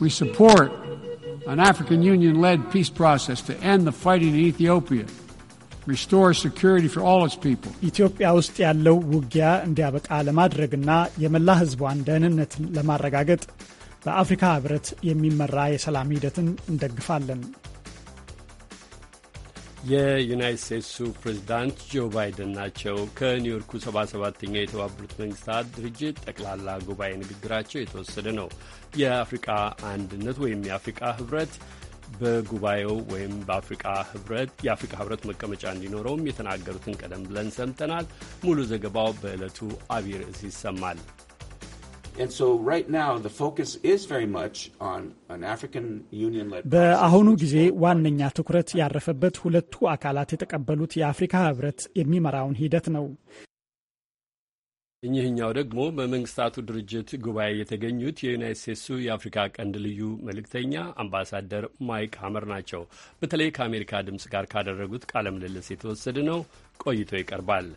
We support an African Union led peace process to end the fighting in Ethiopia. restore security for all its people. ኢትዮጵያ ውስጥ ያለው ውጊያ እንዲያበቃ ለማድረግና የመላ ደህንነት ለማረጋገጥ በአፍሪካ ህብረት የሚመራ የሰላም ሂደትን እንደግፋለን። የዩናይት ስቴትሱ ፕሬዚዳንት ጆ ባይደን ናቸው። ከኒውዮርኩ 77ኛው የተባበሩት መንግስታት ድርጅት ጠቅላላ ጉባኤ ንግግራቸው የተወሰደ ነው። የአፍሪቃ አንድነት ወይም የአፍሪቃ ህብረት በጉባኤው ወይም በአፍሪቃ ህብረት የአፍሪካ ህብረት መቀመጫ እንዲኖረውም የተናገሩትን ቀደም ብለን ሰምተናል። ሙሉ ዘገባው በዕለቱ አቢይ ርዕስ ይሰማል። በአሁኑ ጊዜ ዋነኛ ትኩረት ያረፈበት ሁለቱ አካላት የተቀበሉት የአፍሪካ ህብረት የሚመራውን ሂደት ነው። እኚህኛው ደግሞ በመንግስታቱ ድርጅት ጉባኤ የተገኙት የዩናይት ስቴትሱ የአፍሪካ ቀንድ ልዩ መልእክተኛ አምባሳደር ማይክ ሀመር ናቸው። በተለይ ከአሜሪካ ድምፅ ጋር ካደረጉት ቃለ ምልልስ የተወሰደ ነው። ቆይቶ ይቀርባል።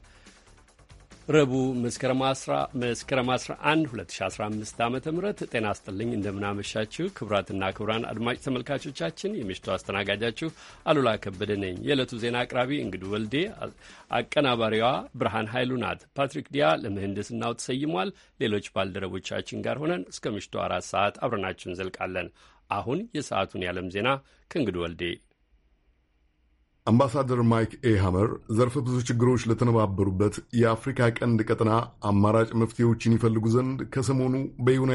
ረቡዕ መስከረም 11 2015 ዓ ም ጤና ስጥልኝ። እንደምናመሻችሁ ክቡራትና ክቡራን አድማጭ ተመልካቾቻችን የምሽቱ አስተናጋጃችሁ አሉላ ከበደ ነኝ። የዕለቱ ዜና አቅራቢ እንግዱ ወልዴ፣ አቀናባሪዋ ብርሃን ኃይሉ ናት። ፓትሪክ ዲያ ለምህንድስናው ተሰይሟል። ሌሎች ባልደረቦቻችን ጋር ሆነን እስከ ምሽቱ አራት ሰዓት አብረናችሁ እንዘልቃለን። አሁን የሰዓቱን የዓለም ዜና ከእንግዱ ወልዴ አምባሳደር ማይክ ኤ ሃመር ዘርፈ ብዙ ችግሮች ለተነባበሩበት የአፍሪካ ቀንድ ቀጠና አማራጭ መፍትሄዎችን ይፈልጉ ዘንድ ከሰሞኑ በዩና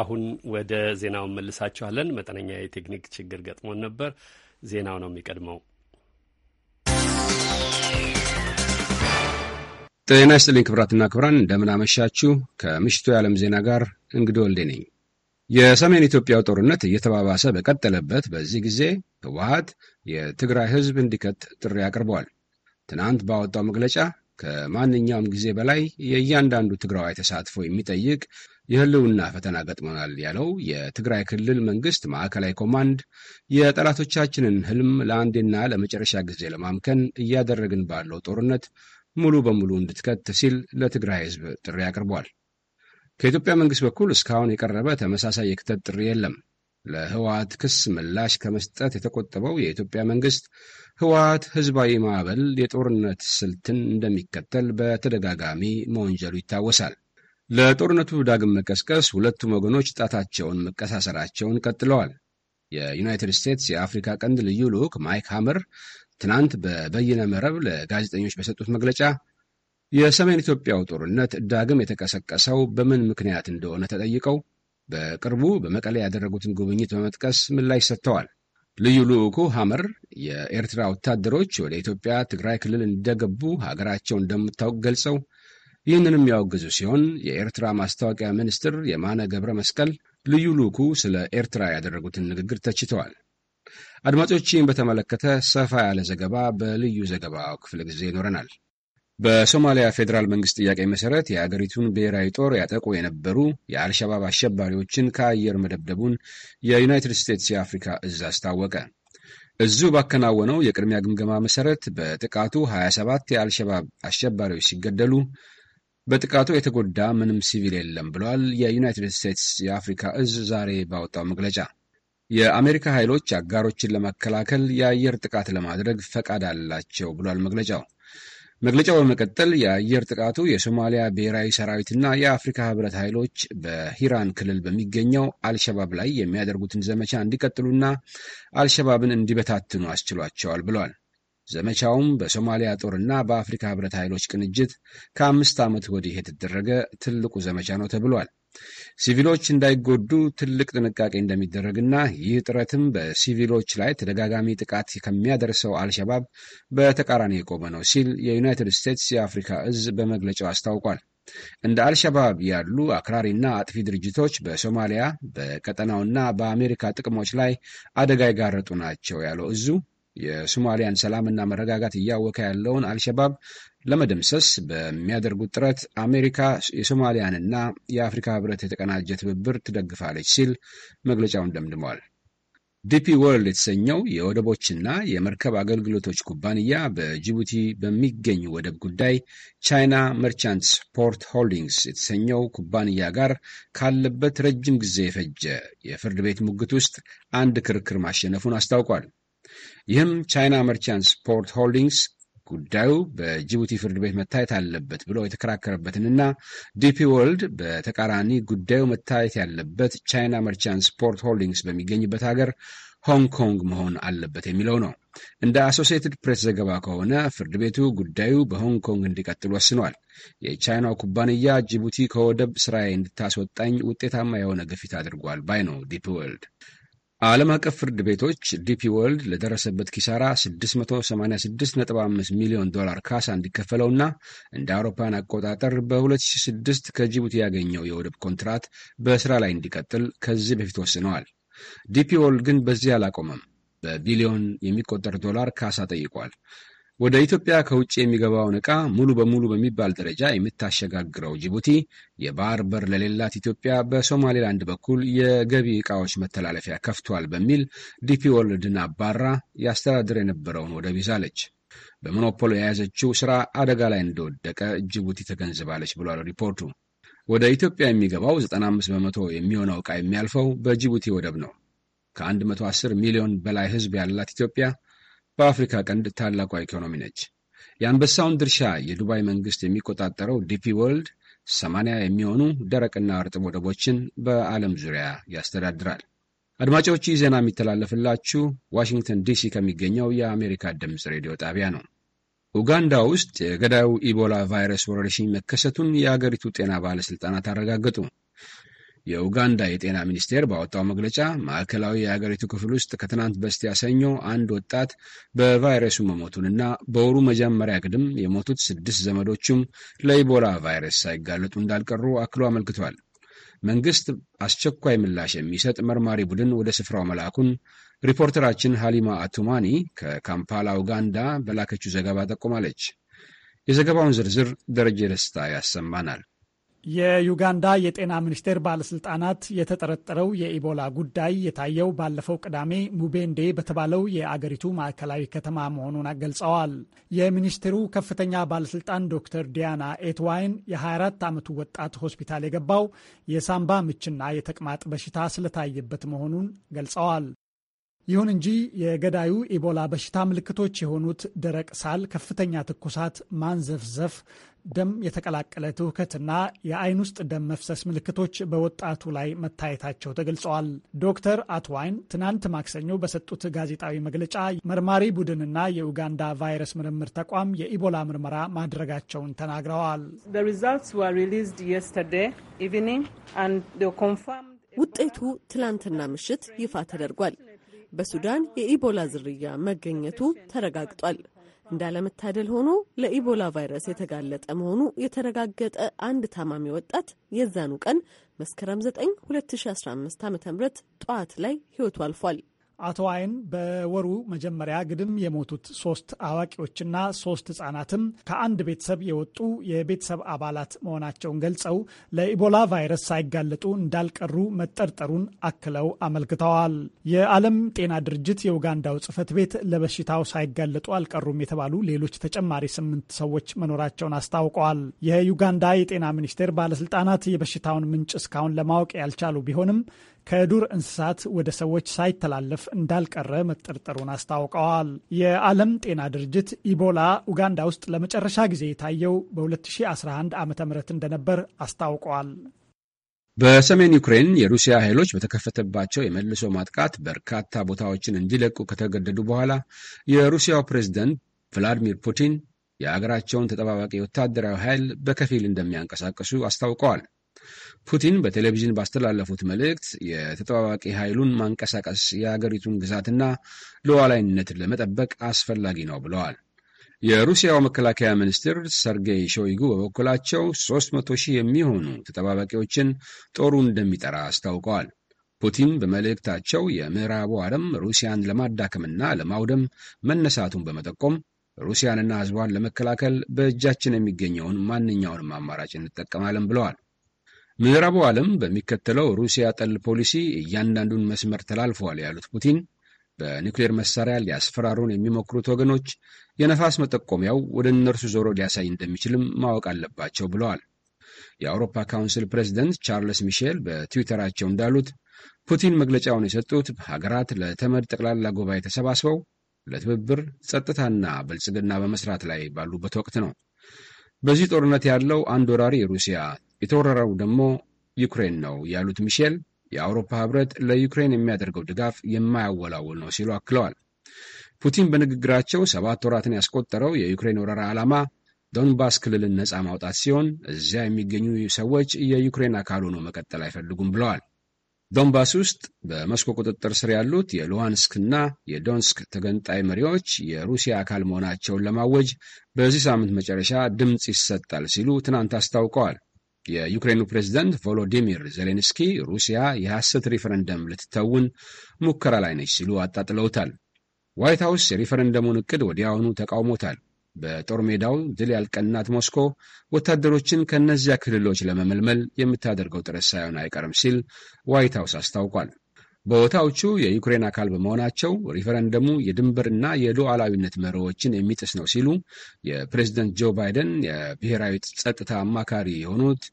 አሁን ወደ ዜናው መልሳችኋለን። መጠነኛ የቴክኒክ ችግር ገጥሞን ነበር። ዜናው ነው የሚቀድመው። ጤና ይስጥልኝ ክብራትና ክብራን፣ እንደምን አመሻችሁ። ከምሽቱ የዓለም ዜና ጋር እንግዲህ ወልዴ ነኝ። የሰሜን ኢትዮጵያው ጦርነት እየተባባሰ በቀጠለበት በዚህ ጊዜ ህወሀት የትግራይ ህዝብ እንዲከት ጥሪ አቅርቧል። ትናንት ባወጣው መግለጫ ከማንኛውም ጊዜ በላይ የእያንዳንዱ ትግራዋይ ተሳትፎ የሚጠይቅ የህልውና ፈተና ገጥሞናል ያለው የትግራይ ክልል መንግስት ማዕከላዊ ኮማንድ የጠላቶቻችንን ህልም ለአንዴና ለመጨረሻ ጊዜ ለማምከን እያደረግን ባለው ጦርነት ሙሉ በሙሉ እንድትከት ሲል ለትግራይ ህዝብ ጥሪ አቅርቧል። ከኢትዮጵያ መንግሥት በኩል እስካሁን የቀረበ ተመሳሳይ የክተት ጥሪ የለም። ለህወሓት ክስ ምላሽ ከመስጠት የተቆጠበው የኢትዮጵያ መንግሥት ህወሓት ህዝባዊ ማዕበል የጦርነት ስልትን እንደሚከተል በተደጋጋሚ መወንጀሉ ይታወሳል። ለጦርነቱ ዳግም መቀስቀስ ሁለቱም ወገኖች ጣታቸውን መቀሳሰራቸውን ቀጥለዋል። የዩናይትድ ስቴትስ የአፍሪካ ቀንድ ልዩ ልዑክ ማይክ ሃመር ትናንት በበይነ መረብ ለጋዜጠኞች በሰጡት መግለጫ የሰሜን ኢትዮጵያው ጦርነት ዳግም የተቀሰቀሰው በምን ምክንያት እንደሆነ ተጠይቀው በቅርቡ በመቀሌ ያደረጉትን ጉብኝት በመጥቀስ ምላሽ ሰጥተዋል። ልዩ ልዑኩ ሐመር የኤርትራ ወታደሮች ወደ ኢትዮጵያ ትግራይ ክልል እንደገቡ ሀገራቸው እንደምታውቅ ገልጸው ይህንን የሚያወግዙ ሲሆን የኤርትራ ማስታወቂያ ሚኒስትር የማነ ገብረ መስቀል ልዩ ልዑኩ ስለ ኤርትራ ያደረጉትን ንግግር ተችተዋል። አድማጮችን በተመለከተ ሰፋ ያለ ዘገባ በልዩ ዘገባው ክፍለ ጊዜ ይኖረናል። በሶማሊያ ፌዴራል መንግስት ጥያቄ መሰረት የአገሪቱን ብሔራዊ ጦር ያጠቁ የነበሩ የአልሸባብ አሸባሪዎችን ከአየር መደብደቡን የዩናይትድ ስቴትስ የአፍሪካ እዝ አስታወቀ። እዙ ባከናወነው የቅድሚያ ግምገማ መሰረት በጥቃቱ 27 የአልሸባብ አሸባሪዎች ሲገደሉ በጥቃቱ የተጎዳ ምንም ሲቪል የለም ብሏል። የዩናይትድ ስቴትስ የአፍሪካ እዝ ዛሬ ባወጣው መግለጫ። የአሜሪካ ኃይሎች አጋሮችን ለመከላከል የአየር ጥቃት ለማድረግ ፈቃድ አላቸው ብሏል መግለጫው። መግለጫው በመቀጠል የአየር ጥቃቱ የሶማሊያ ብሔራዊ ሰራዊትና የአፍሪካ ህብረት ኃይሎች በሂራን ክልል በሚገኘው አልሸባብ ላይ የሚያደርጉትን ዘመቻ እንዲቀጥሉና አልሸባብን እንዲበታትኑ አስችሏቸዋል ብሏል። ዘመቻውም በሶማሊያ ጦርና በአፍሪካ ህብረት ኃይሎች ቅንጅት ከአምስት ዓመት ወዲህ የተደረገ ትልቁ ዘመቻ ነው ተብሏል። ሲቪሎች እንዳይጎዱ ትልቅ ጥንቃቄ እንደሚደረግና ይህ ጥረትም በሲቪሎች ላይ ተደጋጋሚ ጥቃት ከሚያደርሰው አልሸባብ በተቃራኒ የቆመ ነው ሲል የዩናይትድ ስቴትስ የአፍሪካ እዝ በመግለጫው አስታውቋል። እንደ አልሸባብ ያሉ አክራሪና አጥፊ ድርጅቶች በሶማሊያ በቀጠናውና በአሜሪካ ጥቅሞች ላይ አደጋ የጋረጡ ናቸው ያለው እዙ የሶማሊያን ሰላምና መረጋጋት እያወከ ያለውን አልሸባብ ለመደምሰስ በሚያደርጉት ጥረት አሜሪካ የሶማሊያንና የአፍሪካ ህብረት የተቀናጀ ትብብር ትደግፋለች ሲል መግለጫውን ደምድሟል። ዲፒ ወርልድ የተሰኘው የወደቦችና የመርከብ አገልግሎቶች ኩባንያ በጅቡቲ በሚገኝ ወደብ ጉዳይ ቻይና መርቻንትስ ፖርት ሆልዲንግስ የተሰኘው ኩባንያ ጋር ካለበት ረጅም ጊዜ የፈጀ የፍርድ ቤት ሙግት ውስጥ አንድ ክርክር ማሸነፉን አስታውቋል። ይህም ቻይና መርቻንትስ ፖርት ሆልዲንግስ ጉዳዩ በጅቡቲ ፍርድ ቤት መታየት አለበት ብሎ የተከራከረበትንና ዲፒ ወርልድ በተቃራኒ ጉዳዩ መታየት ያለበት ቻይና መርቻንት ስፖርት ሆልዲንግስ በሚገኝበት ሀገር ሆንግ ኮንግ መሆን አለበት የሚለው ነው። እንደ አሶሲየትድ ፕሬስ ዘገባ ከሆነ ፍርድ ቤቱ ጉዳዩ በሆንግ ኮንግ እንዲቀጥል ወስኗል። የቻይናው ኩባንያ ጅቡቲ ከወደብ ስራዬ እንድታስወጣኝ ውጤታማ የሆነ ግፊት አድርጓል ባይ ነው ዲፒ ወርልድ። ዓለም አቀፍ ፍርድ ቤቶች ዲፒ ወርልድ ለደረሰበት ኪሳራ 686.5 ሚሊዮን ዶላር ካሳ እንዲከፈለውና እንደ አውሮፓን አቆጣጠር በ2006 ከጅቡቲ ያገኘው የወደብ ኮንትራት በስራ ላይ እንዲቀጥል ከዚህ በፊት ወስነዋል። ዲፒ ወርልድ ግን በዚህ አላቆመም። በቢሊዮን የሚቆጠር ዶላር ካሳ ጠይቋል። ወደ ኢትዮጵያ ከውጭ የሚገባውን ዕቃ ሙሉ በሙሉ በሚባል ደረጃ የምታሸጋግረው ጅቡቲ የባህር በር ለሌላት ኢትዮጵያ በሶማሌላንድ በኩል የገቢ ዕቃዎች መተላለፊያ ከፍቷል በሚል ዲፒ ወርልድን አባራ ያስተዳድር የነበረውን ወደብ ይዛለች። በሞኖፖል የያዘችው ስራ አደጋ ላይ እንደወደቀ ጅቡቲ ተገንዝባለች ብሏል ሪፖርቱ። ወደ ኢትዮጵያ የሚገባው 95 በመቶ የሚሆነው ዕቃ የሚያልፈው በጅቡቲ ወደብ ነው። ከ110 ሚሊዮን በላይ ሕዝብ ያላት ኢትዮጵያ በአፍሪካ ቀንድ ታላቋ ኢኮኖሚ ነች። የአንበሳውን ድርሻ የዱባይ መንግሥት የሚቆጣጠረው ዲፒ ወርልድ 80 የሚሆኑ ደረቅና እርጥብ ወደቦችን በዓለም ዙሪያ ያስተዳድራል። አድማጮች ይህ ዜና የሚተላለፍላችሁ ዋሽንግተን ዲሲ ከሚገኘው የአሜሪካ ድምፅ ሬዲዮ ጣቢያ ነው። ኡጋንዳ ውስጥ የገዳዩ ኢቦላ ቫይረስ ወረርሽኝ መከሰቱን የአገሪቱ ጤና ባለሥልጣናት አረጋገጡ። የኡጋንዳ የጤና ሚኒስቴር ባወጣው መግለጫ ማዕከላዊ የአገሪቱ ክፍል ውስጥ ከትናንት በስቲያ ሰኞ አንድ ወጣት በቫይረሱ መሞቱንና በወሩ መጀመሪያ ግድም የሞቱት ስድስት ዘመዶቹም ለኢቦላ ቫይረስ ሳይጋለጡ እንዳልቀሩ አክሎ አመልክቷል። መንግስት አስቸኳይ ምላሽ የሚሰጥ መርማሪ ቡድን ወደ ስፍራው መላኩን ሪፖርተራችን ሃሊማ አቱማኒ ከካምፓላ ኡጋንዳ በላከችው ዘገባ ጠቁማለች። የዘገባውን ዝርዝር ደረጀ ደስታ ያሰማናል። የዩጋንዳ የጤና ሚኒስቴር ባለስልጣናት የተጠረጠረው የኢቦላ ጉዳይ የታየው ባለፈው ቅዳሜ ሙቤንዴ በተባለው የአገሪቱ ማዕከላዊ ከተማ መሆኑን ገልጸዋል። የሚኒስቴሩ ከፍተኛ ባለስልጣን ዶክተር ዲያና ኤትዋይን የ24 ዓመቱ ወጣት ሆስፒታል የገባው የሳምባ ምችና የተቅማጥ በሽታ ስለታየበት መሆኑን ገልጸዋል። ይሁን እንጂ የገዳዩ ኢቦላ በሽታ ምልክቶች የሆኑት ደረቅ ሳል፣ ከፍተኛ ትኩሳት፣ ማንዘፍዘፍ ደም የተቀላቀለ ትውከትና የአይን ውስጥ ደም መፍሰስ ምልክቶች በወጣቱ ላይ መታየታቸው ተገልጸዋል። ዶክተር አትዋይን ትናንት ማክሰኞ በሰጡት ጋዜጣዊ መግለጫ መርማሪ ቡድንና የኡጋንዳ ቫይረስ ምርምር ተቋም የኢቦላ ምርመራ ማድረጋቸውን ተናግረዋል። ውጤቱ ትላንትና ምሽት ይፋ ተደርጓል። በሱዳን የኢቦላ ዝርያ መገኘቱ ተረጋግጧል። እንዳለመታደል ሆኖ ለኢቦላ ቫይረስ የተጋለጠ መሆኑ የተረጋገጠ አንድ ታማሚ ወጣት የዛኑ ቀን መስከረም 9 2015 ዓ ም ጠዋት ላይ ህይወቱ አልፏል። አቶ አይን በወሩ መጀመሪያ ግድም የሞቱት ሶስት አዋቂዎችና ሶስት ህጻናትም ከአንድ ቤተሰብ የወጡ የቤተሰብ አባላት መሆናቸውን ገልጸው ለኢቦላ ቫይረስ ሳይጋለጡ እንዳልቀሩ መጠርጠሩን አክለው አመልክተዋል። የዓለም ጤና ድርጅት የኡጋንዳው ጽህፈት ቤት ለበሽታው ሳይጋለጡ አልቀሩም የተባሉ ሌሎች ተጨማሪ ስምንት ሰዎች መኖራቸውን አስታውቀዋል። የዩጋንዳ የጤና ሚኒስቴር ባለስልጣናት የበሽታውን ምንጭ እስካሁን ለማወቅ ያልቻሉ ቢሆንም ከዱር እንስሳት ወደ ሰዎች ሳይተላለፍ እንዳልቀረ መጠርጠሩን አስታውቀዋል። የዓለም ጤና ድርጅት ኢቦላ ኡጋንዳ ውስጥ ለመጨረሻ ጊዜ የታየው በ2011 ዓ ም እንደነበር አስታውቀዋል። በሰሜን ዩክሬን የሩሲያ ኃይሎች በተከፈተባቸው የመልሶ ማጥቃት በርካታ ቦታዎችን እንዲለቁ ከተገደዱ በኋላ የሩሲያው ፕሬዝደንት ቭላዲሚር ፑቲን የአገራቸውን ተጠባባቂ ወታደራዊ ኃይል በከፊል እንደሚያንቀሳቅሱ አስታውቀዋል። ፑቲን በቴሌቪዥን ባስተላለፉት መልእክት የተጠባባቂ ኃይሉን ማንቀሳቀስ የአገሪቱን ግዛትና ሉዓላዊነትን ለመጠበቅ አስፈላጊ ነው ብለዋል። የሩሲያው መከላከያ ሚኒስትር ሰርጌይ ሾይጉ በበኩላቸው 300 ሺህ የሚሆኑ ተጠባባቂዎችን ጦሩ እንደሚጠራ አስታውቀዋል። ፑቲን በመልእክታቸው የምዕራቡ ዓለም ሩሲያን ለማዳከምና ለማውደም መነሳቱን በመጠቆም ሩሲያንና ሕዝቧን ለመከላከል በእጃችን የሚገኘውን ማንኛውንም አማራጭ እንጠቀማለን ብለዋል። ምዕራቡ ዓለም በሚከተለው ሩሲያ ጠል ፖሊሲ እያንዳንዱን መስመር ተላልፈዋል ያሉት ፑቲን በኒውክሌር መሳሪያ ሊያስፈራሩን የሚሞክሩት ወገኖች የነፋስ መጠቆሚያው ወደ እነርሱ ዞሮ ሊያሳይ እንደሚችልም ማወቅ አለባቸው ብለዋል። የአውሮፓ ካውንስል ፕሬዚደንት ቻርልስ ሚሼል በትዊተራቸው እንዳሉት ፑቲን መግለጫውን የሰጡት ሀገራት ለተመድ ጠቅላላ ጉባኤ ተሰባስበው ለትብብር ጸጥታና ብልጽግና በመስራት ላይ ባሉበት ወቅት ነው። በዚህ ጦርነት ያለው አንድ ወራሪ ሩሲያ የተወረረው ደግሞ ዩክሬን ነው ያሉት ሚሼል የአውሮፓ ህብረት ለዩክሬን የሚያደርገው ድጋፍ የማያወላውል ነው ሲሉ አክለዋል። ፑቲን በንግግራቸው ሰባት ወራትን ያስቆጠረው የዩክሬን ወረራ ዓላማ ዶንባስ ክልልን ነፃ ማውጣት ሲሆን እዚያ የሚገኙ ሰዎች የዩክሬን አካል ሆኖ መቀጠል አይፈልጉም ብለዋል። ዶንባስ ውስጥ በሞስኮ ቁጥጥር ስር ያሉት የሉሃንስክ እና የዶንስክ ተገንጣይ መሪዎች የሩሲያ አካል መሆናቸውን ለማወጅ በዚህ ሳምንት መጨረሻ ድምፅ ይሰጣል ሲሉ ትናንት አስታውቀዋል። የዩክሬኑ ፕሬዚደንት ቮሎዲሚር ዜሌንስኪ ሩሲያ የሐሰት ሪፈረንደም ልትተውን ሙከራ ላይ ነች ሲሉ አጣጥለውታል። ዋይት ሐውስ የሪፈረንደሙን እቅድ ወዲያውኑ ተቃውሞታል። በጦር ሜዳው ድል ያልቀናት ሞስኮ ወታደሮችን ከእነዚያ ክልሎች ለመመልመል የምታደርገው ጥረት ሳይሆን አይቀርም ሲል ዋይት ሐውስ አስታውቋል። ቦታዎቹ የዩክሬን አካል በመሆናቸው ሪፈረንደሙ የድንበርና የሉዓላዊነት መርሆዎችን የሚጥስ ነው ሲሉ የፕሬዚደንት ጆ ባይደን የብሔራዊ ጸጥታ አማካሪ የሆኑት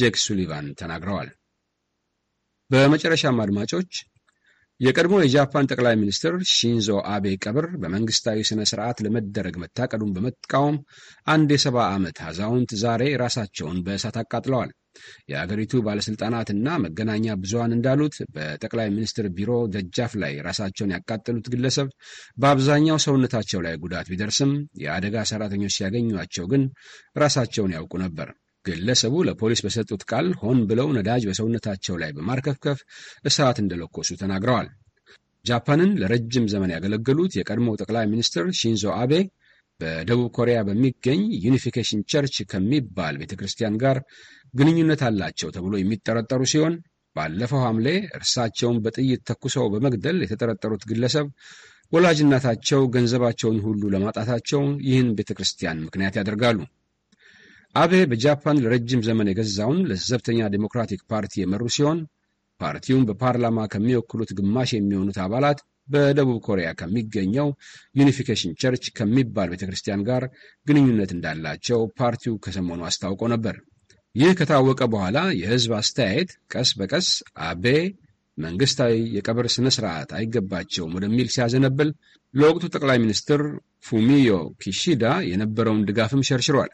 ጄክ ሱሊቫን ተናግረዋል። በመጨረሻም አድማጮች የቀድሞ የጃፓን ጠቅላይ ሚኒስትር ሺንዞ አቤ ቀብር በመንግስታዊ ስነ ሥርዓት ለመደረግ መታቀዱን በመቃወም አንድ የሰባ ዓመት አዛውንት ዛሬ ራሳቸውን በእሳት አቃጥለዋል። የአገሪቱ ባለሥልጣናትና መገናኛ ብዙሃን እንዳሉት በጠቅላይ ሚኒስትር ቢሮ ደጃፍ ላይ ራሳቸውን ያቃጠሉት ግለሰብ በአብዛኛው ሰውነታቸው ላይ ጉዳት ቢደርስም የአደጋ ሠራተኞች ሲያገኟቸው ግን ራሳቸውን ያውቁ ነበር። ግለሰቡ ለፖሊስ በሰጡት ቃል ሆን ብለው ነዳጅ በሰውነታቸው ላይ በማርከፍከፍ እሳት እንደለኮሱ ተናግረዋል። ጃፓንን ለረጅም ዘመን ያገለገሉት የቀድሞው ጠቅላይ ሚኒስትር ሺንዞ አቤ በደቡብ ኮሪያ በሚገኝ ዩኒፊኬሽን ቸርች ከሚባል ቤተ ክርስቲያን ጋር ግንኙነት አላቸው ተብሎ የሚጠረጠሩ ሲሆን ባለፈው ሐምሌ እርሳቸውን በጥይት ተኩሰው በመግደል የተጠረጠሩት ግለሰብ ወላጅናታቸው ገንዘባቸውን ሁሉ ለማጣታቸው ይህን ቤተ ክርስቲያን ምክንያት ያደርጋሉ። አቤ በጃፓን ለረጅም ዘመን የገዛውን ለዘብተኛ ዴሞክራቲክ ፓርቲ የመሩ ሲሆን ፓርቲውን በፓርላማ ከሚወክሉት ግማሽ የሚሆኑት አባላት በደቡብ ኮሪያ ከሚገኘው ዩኒፊኬሽን ቸርች ከሚባል ቤተ ክርስቲያን ጋር ግንኙነት እንዳላቸው ፓርቲው ከሰሞኑ አስታውቆ ነበር። ይህ ከታወቀ በኋላ የህዝብ አስተያየት ቀስ በቀስ አቤ መንግስታዊ የቀብር ስነ ስርዓት አይገባቸውም ወደሚል ሲያዘነብል፣ ለወቅቱ ጠቅላይ ሚኒስትር ፉሚዮ ኪሺዳ የነበረውን ድጋፍም ሸርሽሯል።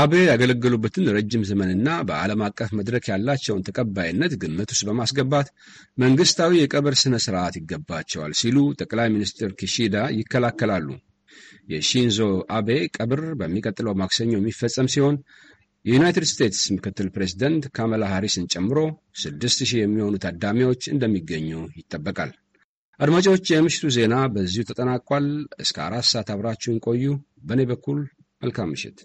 አቤ ያገለገሉበትን ረጅም ዘመንና በዓለም አቀፍ መድረክ ያላቸውን ተቀባይነት ግምት ውስጥ በማስገባት መንግስታዊ የቀብር ሥነ ሥርዓት ይገባቸዋል ሲሉ ጠቅላይ ሚኒስትር ኪሺዳ ይከላከላሉ። የሺንዞ አቤ ቀብር በሚቀጥለው ማክሰኞ የሚፈጸም ሲሆን የዩናይትድ ስቴትስ ምክትል ፕሬዚደንት ካመላ ሃሪስን ጨምሮ ስድስት ሺህ የሚሆኑ ታዳሚዎች እንደሚገኙ ይጠበቃል። አድማጮች፣ የምሽቱ ዜና በዚሁ ተጠናቋል። እስከ አራት ሰዓት አብራችሁን ቆዩ። በእኔ በኩል መልካም ምሽት።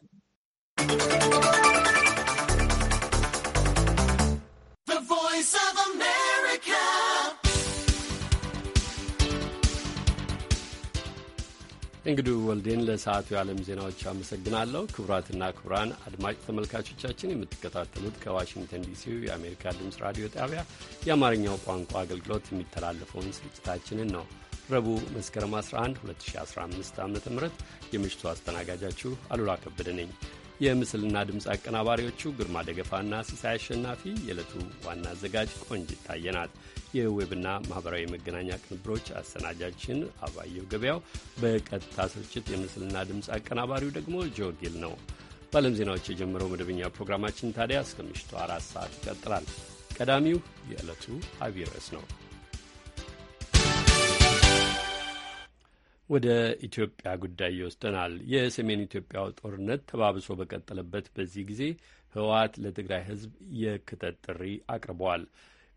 እንግዱ ወልዴን ለሰዓቱ የዓለም ዜናዎች አመሰግናለሁ። ክቡራትና ክቡራን አድማጭ ተመልካቾቻችን የምትከታተሉት ከዋሽንግተን ዲሲው የአሜሪካ ድምፅ ራዲዮ ጣቢያ የአማርኛው ቋንቋ አገልግሎት የሚተላለፈውን ስርጭታችንን ነው። ረቡዕ መስከረም 11 2015 ዓ ም የምሽቱ አስተናጋጃችሁ አሉላ ከበደ ነኝ። የምስልና ድምፅ አቀናባሪዎቹ ግርማ ደገፋና ሲሳይ አሸናፊ፣ የዕለቱ ዋና አዘጋጅ ቆንጅ ይታየናት። የዌብና ማኅበራዊ መገናኛ ቅንብሮች አሰናጃችን አባየው ገበያው፣ በቀጥታ ስርጭት የምስልና ድምፅ አቀናባሪው ደግሞ ጆጊል ነው። በዓለም ዜናዎች የጀመረው መደበኛ ፕሮግራማችን ታዲያ እስከ ምሽቱ አራት ሰዓት ይቀጥላል። ቀዳሚው የዕለቱ አብይ ርዕስ ነው። ወደ ኢትዮጵያ ጉዳይ ይወስደናል። የሰሜን ኢትዮጵያው ጦርነት ተባብሶ በቀጠለበት በዚህ ጊዜ ህወሓት ለትግራይ ህዝብ የክተት ጥሪ አቅርበዋል።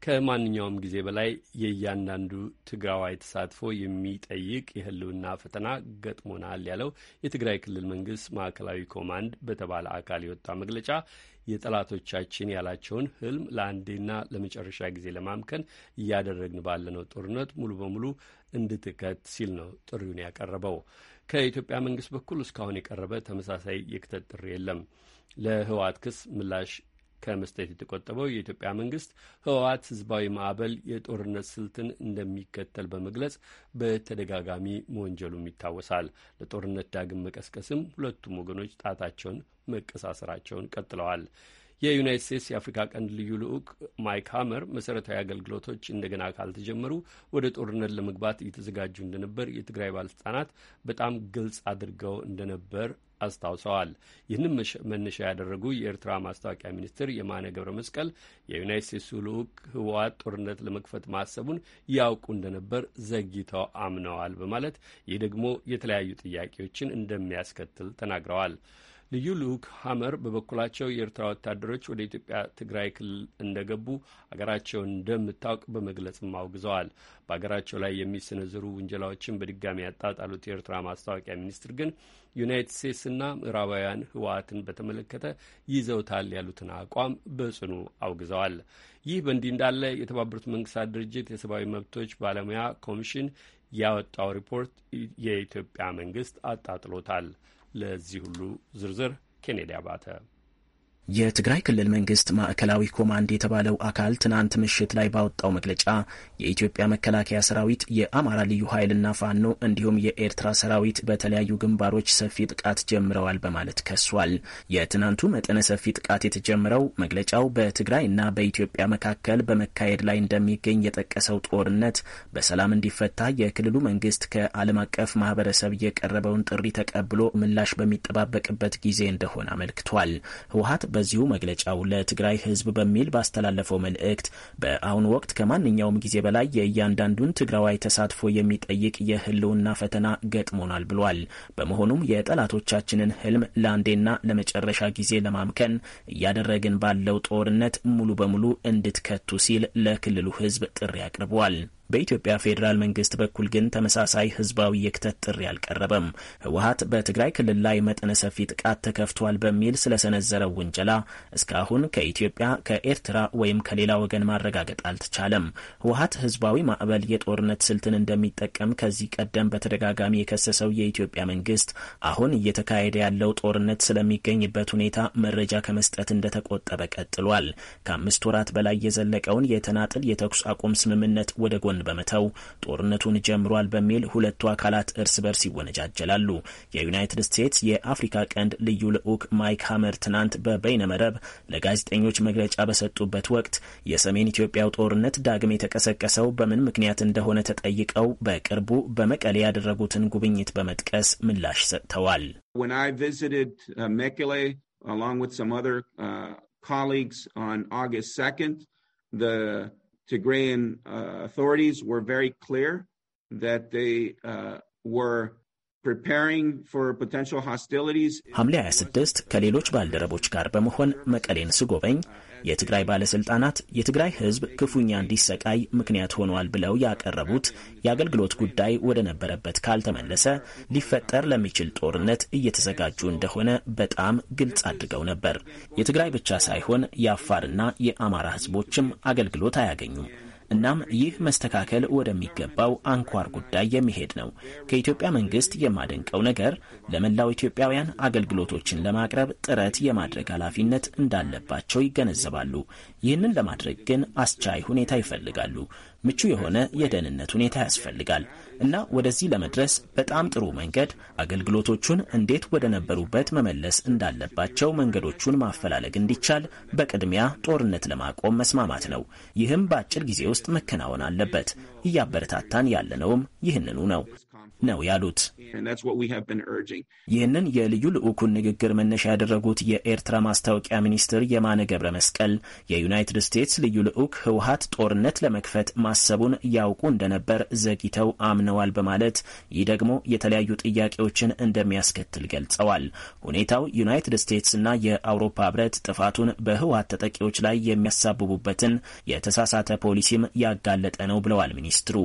ከማንኛውም ጊዜ በላይ የእያንዳንዱ ትግራዋይ ተሳትፎ የሚጠይቅ የህልውና ፈተና ገጥሞናል ያለው የትግራይ ክልል መንግስት ማዕከላዊ ኮማንድ በተባለ አካል የወጣ መግለጫ የጠላቶቻችን ያላቸውን ህልም ለአንዴና ለመጨረሻ ጊዜ ለማምከን እያደረግን ባለነው ጦርነት ሙሉ በሙሉ እንድትከት ሲል ነው ጥሪውን ያቀረበው። ከኢትዮጵያ መንግስት በኩል እስካሁን የቀረበ ተመሳሳይ የክተት ጥሪ የለም። ለህወሓት ክስ ምላሽ ከመስጠት የተቆጠበው የኢትዮጵያ መንግስት ህወሓት ህዝባዊ ማዕበል የጦርነት ስልትን እንደሚከተል በመግለጽ በተደጋጋሚ መወንጀሉም ይታወሳል። ለጦርነት ዳግም መቀስቀስም ሁለቱም ወገኖች ጣታቸውን መቀሳሰራቸውን ቀጥለዋል። የዩናይት ስቴትስ የአፍሪካ ቀንድ ልዩ ልዑክ ማይክ ሀመር መሠረታዊ አገልግሎቶች እንደገና ካልተጀመሩ ወደ ጦርነት ለመግባት እየተዘጋጁ እንደነበር የትግራይ ባለስልጣናት በጣም ግልጽ አድርገው እንደነበር አስታውሰዋል። ይህንም መነሻ ያደረጉ የኤርትራ ማስታወቂያ ሚኒስትር የማነ ገብረ መስቀል የዩናይት ስቴትሱ ልዑክ ህወሓት ጦርነት ለመክፈት ማሰቡን ያውቁ እንደነበር ዘግይተው አምነዋል በማለት ይህ ደግሞ የተለያዩ ጥያቄዎችን እንደሚያስከትል ተናግረዋል። ልዩ ልዑክ ሀመር በበኩላቸው የኤርትራ ወታደሮች ወደ ኢትዮጵያ ትግራይ ክልል እንደገቡ አገራቸውን እንደምታውቅ በመግለጽም አውግዘዋል። በሀገራቸው ላይ የሚሰነዘሩ ውንጀላዎችን በድጋሚ ያጣጣሉት የኤርትራ ማስታወቂያ ሚኒስትር ግን ዩናይትድ ስቴትስና ምዕራባውያን ህወሓትን በተመለከተ ይዘውታል ያሉትን አቋም በጽኑ አውግዘዋል። ይህ በእንዲህ እንዳለ የተባበሩት መንግስታት ድርጅት የሰብአዊ መብቶች ባለሙያ ኮሚሽን ያወጣው ሪፖርት የኢትዮጵያ መንግስት አጣጥሎታል። ለዚህ ሁሉ ዝርዝር ኬኔዲ አባተ የትግራይ ክልል መንግስት ማዕከላዊ ኮማንድ የተባለው አካል ትናንት ምሽት ላይ ባወጣው መግለጫ የኢትዮጵያ መከላከያ ሰራዊት፣ የአማራ ልዩ ኃይልና ፋኖ እንዲሁም የኤርትራ ሰራዊት በተለያዩ ግንባሮች ሰፊ ጥቃት ጀምረዋል በማለት ከሷል። የትናንቱ መጠነ ሰፊ ጥቃት የተጀመረው መግለጫው በትግራይና በኢትዮጵያ መካከል በመካሄድ ላይ እንደሚገኝ የጠቀሰው ጦርነት በሰላም እንዲፈታ የክልሉ መንግስት ከዓለም አቀፍ ማህበረሰብ የቀረበውን ጥሪ ተቀብሎ ምላሽ በሚጠባበቅበት ጊዜ እንደሆነ አመልክቷል። ህወሀት በዚሁ መግለጫው ለትግራይ ህዝብ በሚል ባስተላለፈው መልእክት በአሁኑ ወቅት ከማንኛውም ጊዜ በላይ የእያንዳንዱን ትግራዋይ ተሳትፎ የሚጠይቅ የህልውና ፈተና ገጥሞናል ብሏል። በመሆኑም የጠላቶቻችንን ህልም ለአንዴና ለመጨረሻ ጊዜ ለማምከን እያደረግን ባለው ጦርነት ሙሉ በሙሉ እንድትከቱ ሲል ለክልሉ ህዝብ ጥሪ አቅርቧል። በኢትዮጵያ ፌዴራል መንግስት በኩል ግን ተመሳሳይ ህዝባዊ የክተት ጥሪ አልቀረበም። ህወሀት በትግራይ ክልል ላይ መጠነ ሰፊ ጥቃት ተከፍቷል በሚል ስለሰነዘረው ውንጀላ እስካሁን ከኢትዮጵያ ከኤርትራ ወይም ከሌላ ወገን ማረጋገጥ አልተቻለም። ህወሀት ህዝባዊ ማዕበል የጦርነት ስልትን እንደሚጠቀም ከዚህ ቀደም በተደጋጋሚ የከሰሰው የኢትዮጵያ መንግስት አሁን እየተካሄደ ያለው ጦርነት ስለሚገኝበት ሁኔታ መረጃ ከመስጠት እንደተቆጠበ ቀጥሏል። ከአምስት ወራት በላይ የዘለቀውን የተናጥል የተኩስ አቁም ስምምነት ወደ ጎን ጎን በመተው ጦርነቱን ጀምሯል በሚል ሁለቱ አካላት እርስ በርስ ይወነጃጀላሉ። የዩናይትድ ስቴትስ የአፍሪካ ቀንድ ልዩ ልዑክ ማይክ ሀመር ትናንት በበይነመረብ ለጋዜጠኞች መግለጫ በሰጡበት ወቅት የሰሜን ኢትዮጵያው ጦርነት ዳግም የተቀሰቀሰው በምን ምክንያት እንደሆነ ተጠይቀው በቅርቡ በመቀሌ ያደረጉትን ጉብኝት በመጥቀስ ምላሽ ሰጥተዋል። uh, along with some other uh, colleagues on August 2nd. The Tigrayan uh, authorities were very clear that they uh, were preparing for potential hostilities. የትግራይ ባለስልጣናት የትግራይ ህዝብ ክፉኛ እንዲሰቃይ ምክንያት ሆኗል ብለው ያቀረቡት የአገልግሎት ጉዳይ ወደ ነበረበት ካልተመለሰ ሊፈጠር ለሚችል ጦርነት እየተዘጋጁ እንደሆነ በጣም ግልጽ አድርገው ነበር። የትግራይ ብቻ ሳይሆን የአፋርና የአማራ ህዝቦችም አገልግሎት አያገኙም። እናም ይህ መስተካከል ወደሚገባው አንኳር ጉዳይ የሚሄድ ነው። ከኢትዮጵያ መንግስት የማደንቀው ነገር ለመላው ኢትዮጵያውያን አገልግሎቶችን ለማቅረብ ጥረት የማድረግ ኃላፊነት እንዳለባቸው ይገነዘባሉ። ይህንን ለማድረግ ግን አስቻይ ሁኔታ ይፈልጋሉ። ምቹ የሆነ የደህንነት ሁኔታ ያስፈልጋል እና ወደዚህ ለመድረስ በጣም ጥሩ መንገድ አገልግሎቶቹን እንዴት ወደ ነበሩበት መመለስ እንዳለባቸው መንገዶቹን ማፈላለግ እንዲቻል በቅድሚያ ጦርነት ለማቆም መስማማት ነው። ይህም በአጭር ጊዜ ውስጥ መከናወን አለበት። እያበረታታን ያለነውም ይህንኑ ነው። ነው ያሉት። ይህንን የልዩ ልዑኩን ንግግር መነሻ ያደረጉት የኤርትራ ማስታወቂያ ሚኒስትር የማነ ገብረ መስቀል የዩናይትድ ስቴትስ ልዩ ልዑክ ህወሀት ጦርነት ለመክፈት ማሰቡን ያውቁ እንደነበር ዘግይተው አምነዋል በማለት ይህ ደግሞ የተለያዩ ጥያቄዎችን እንደሚያስከትል ገልጸዋል። ሁኔታው ዩናይትድ ስቴትስና የአውሮፓ ህብረት ጥፋቱን በህወሀት ተጠቂዎች ላይ የሚያሳብቡበትን የተሳሳተ ፖሊሲም ያጋለጠ ነው ብለዋል ሚኒስትሩ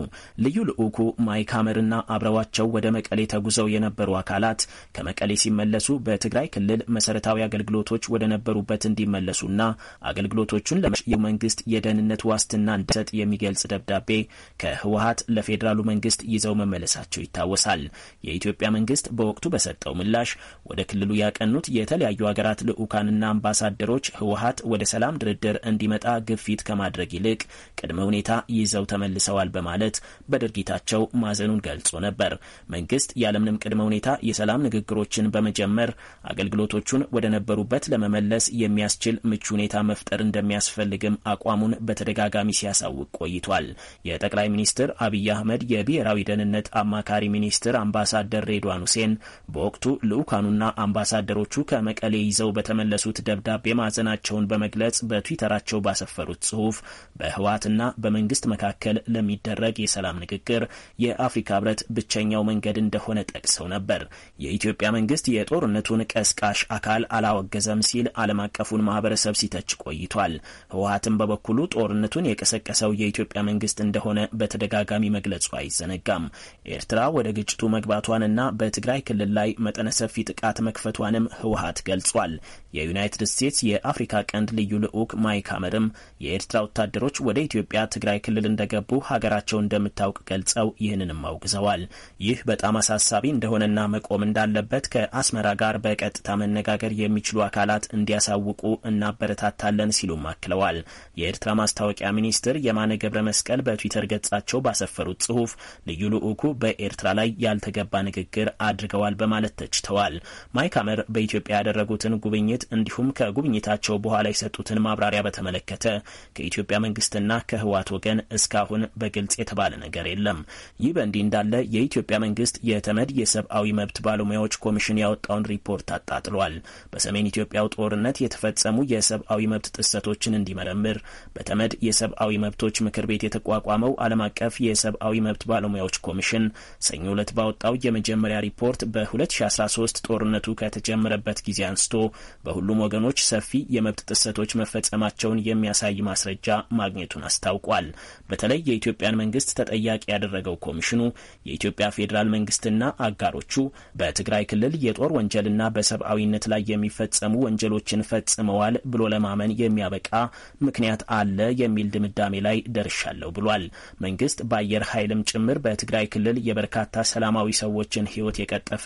ልዩ ልዑኩ ማይክ ሀመርና አብረዋል ይዘዋቸው ወደ መቀሌ ተጉዘው የነበሩ አካላት ከመቀሌ ሲመለሱ በትግራይ ክልል መሰረታዊ አገልግሎቶች ወደ ነበሩበት እንዲመለሱና አገልግሎቶቹን ለመሸየው መንግስት የደህንነት ዋስትና እንዲሰጥ የሚገልጽ ደብዳቤ ከህወሀት ለፌዴራሉ መንግስት ይዘው መመለሳቸው ይታወሳል። የኢትዮጵያ መንግስት በወቅቱ በሰጠው ምላሽ ወደ ክልሉ ያቀኑት የተለያዩ ሀገራት ልዑካንና አምባሳደሮች ህወሀት ወደ ሰላም ድርድር እንዲመጣ ግፊት ከማድረግ ይልቅ ቅድመ ሁኔታ ይዘው ተመልሰዋል በማለት በድርጊታቸው ማዘኑን ገልጾ ነበር። ነበር። መንግስት ያለምንም ቅድመ ሁኔታ የሰላም ንግግሮችን በመጀመር አገልግሎቶቹን ወደ ነበሩበት ለመመለስ የሚያስችል ምቹ ሁኔታ መፍጠር እንደሚያስፈልግም አቋሙን በተደጋጋሚ ሲያሳውቅ ቆይቷል። የጠቅላይ ሚኒስትር አብይ አህመድ የብሔራዊ ደህንነት አማካሪ ሚኒስትር አምባሳደር ሬድዋን ሁሴን በወቅቱ ልዑካኑና አምባሳደሮቹ ከመቀሌ ይዘው በተመለሱት ደብዳቤ ማዘናቸውን በመግለጽ በትዊተራቸው ባሰፈሩት ጽሁፍ በህወሓትና በመንግስት መካከል ለሚደረግ የሰላም ንግግር የአፍሪካ ህብረት ብቻ ብቸኛው መንገድ እንደሆነ ጠቅሰው ነበር። የኢትዮጵያ መንግስት የጦርነቱን ቀስቃሽ አካል አላወገዘም ሲል ዓለም አቀፉን ማህበረሰብ ሲተች ቆይቷል። ህወሀትም በበኩሉ ጦርነቱን የቀሰቀሰው የኢትዮጵያ መንግስት እንደሆነ በተደጋጋሚ መግለጹ አይዘነጋም። ኤርትራ ወደ ግጭቱ መግባቷንና በትግራይ ክልል ላይ መጠነ ሰፊ ጥቃት መክፈቷንም ህወሀት ገልጿል። የዩናይትድ ስቴትስ የአፍሪካ ቀንድ ልዩ ልዑክ ማይክ አመርም የኤርትራ ወታደሮች ወደ ኢትዮጵያ ትግራይ ክልል እንደገቡ ሀገራቸው እንደምታውቅ ገልጸው ይህንንም አውግዘዋል። ይህ በጣም አሳሳቢ እንደሆነና መቆም እንዳለበት ከአስመራ ጋር በቀጥታ መነጋገር የሚችሉ አካላት እንዲያሳውቁ እናበረታታለን ሲሉም አክለዋል። የኤርትራ ማስታወቂያ ሚኒስትር የማነ ገብረ መስቀል በትዊተር ገጻቸው ባሰፈሩት ጽሁፍ ልዩ ልዑኩ በኤርትራ ላይ ያልተገባ ንግግር አድርገዋል በማለት ተችተዋል። ማይክ አመር በኢትዮጵያ ያደረጉትን ጉብኝት አስተያየት እንዲሁም ከጉብኝታቸው በኋላ የሰጡትን ማብራሪያ በተመለከተ ከኢትዮጵያ መንግስትና ከህወሓት ወገን እስካሁን በግልጽ የተባለ ነገር የለም። ይህ በእንዲህ እንዳለ የኢትዮጵያ መንግስት የተመድ የሰብአዊ መብት ባለሙያዎች ኮሚሽን ያወጣውን ሪፖርት አጣጥሏል። በሰሜን ኢትዮጵያው ጦርነት የተፈጸሙ የሰብአዊ መብት ጥሰቶችን እንዲመረምር በተመድ የሰብአዊ መብቶች ምክር ቤት የተቋቋመው ዓለም አቀፍ የሰብአዊ መብት ባለሙያዎች ኮሚሽን ሰኞ ዕለት ባወጣው የመጀመሪያ ሪፖርት በ2013 ጦርነቱ ከተጀመረበት ጊዜ አንስቶ በ በሁሉም ወገኖች ሰፊ የመብት ጥሰቶች መፈጸማቸውን የሚያሳይ ማስረጃ ማግኘቱን አስታውቋል። በተለይ የኢትዮጵያን መንግስት ተጠያቂ ያደረገው ኮሚሽኑ የኢትዮጵያ ፌዴራል መንግስትና አጋሮቹ በትግራይ ክልል የጦር ወንጀልና በሰብአዊነት ላይ የሚፈጸሙ ወንጀሎችን ፈጽመዋል ብሎ ለማመን የሚያበቃ ምክንያት አለ የሚል ድምዳሜ ላይ ደርሻለሁ ብሏል። መንግስት በአየር ኃይልም ጭምር በትግራይ ክልል የበርካታ ሰላማዊ ሰዎችን ህይወት የቀጠፈ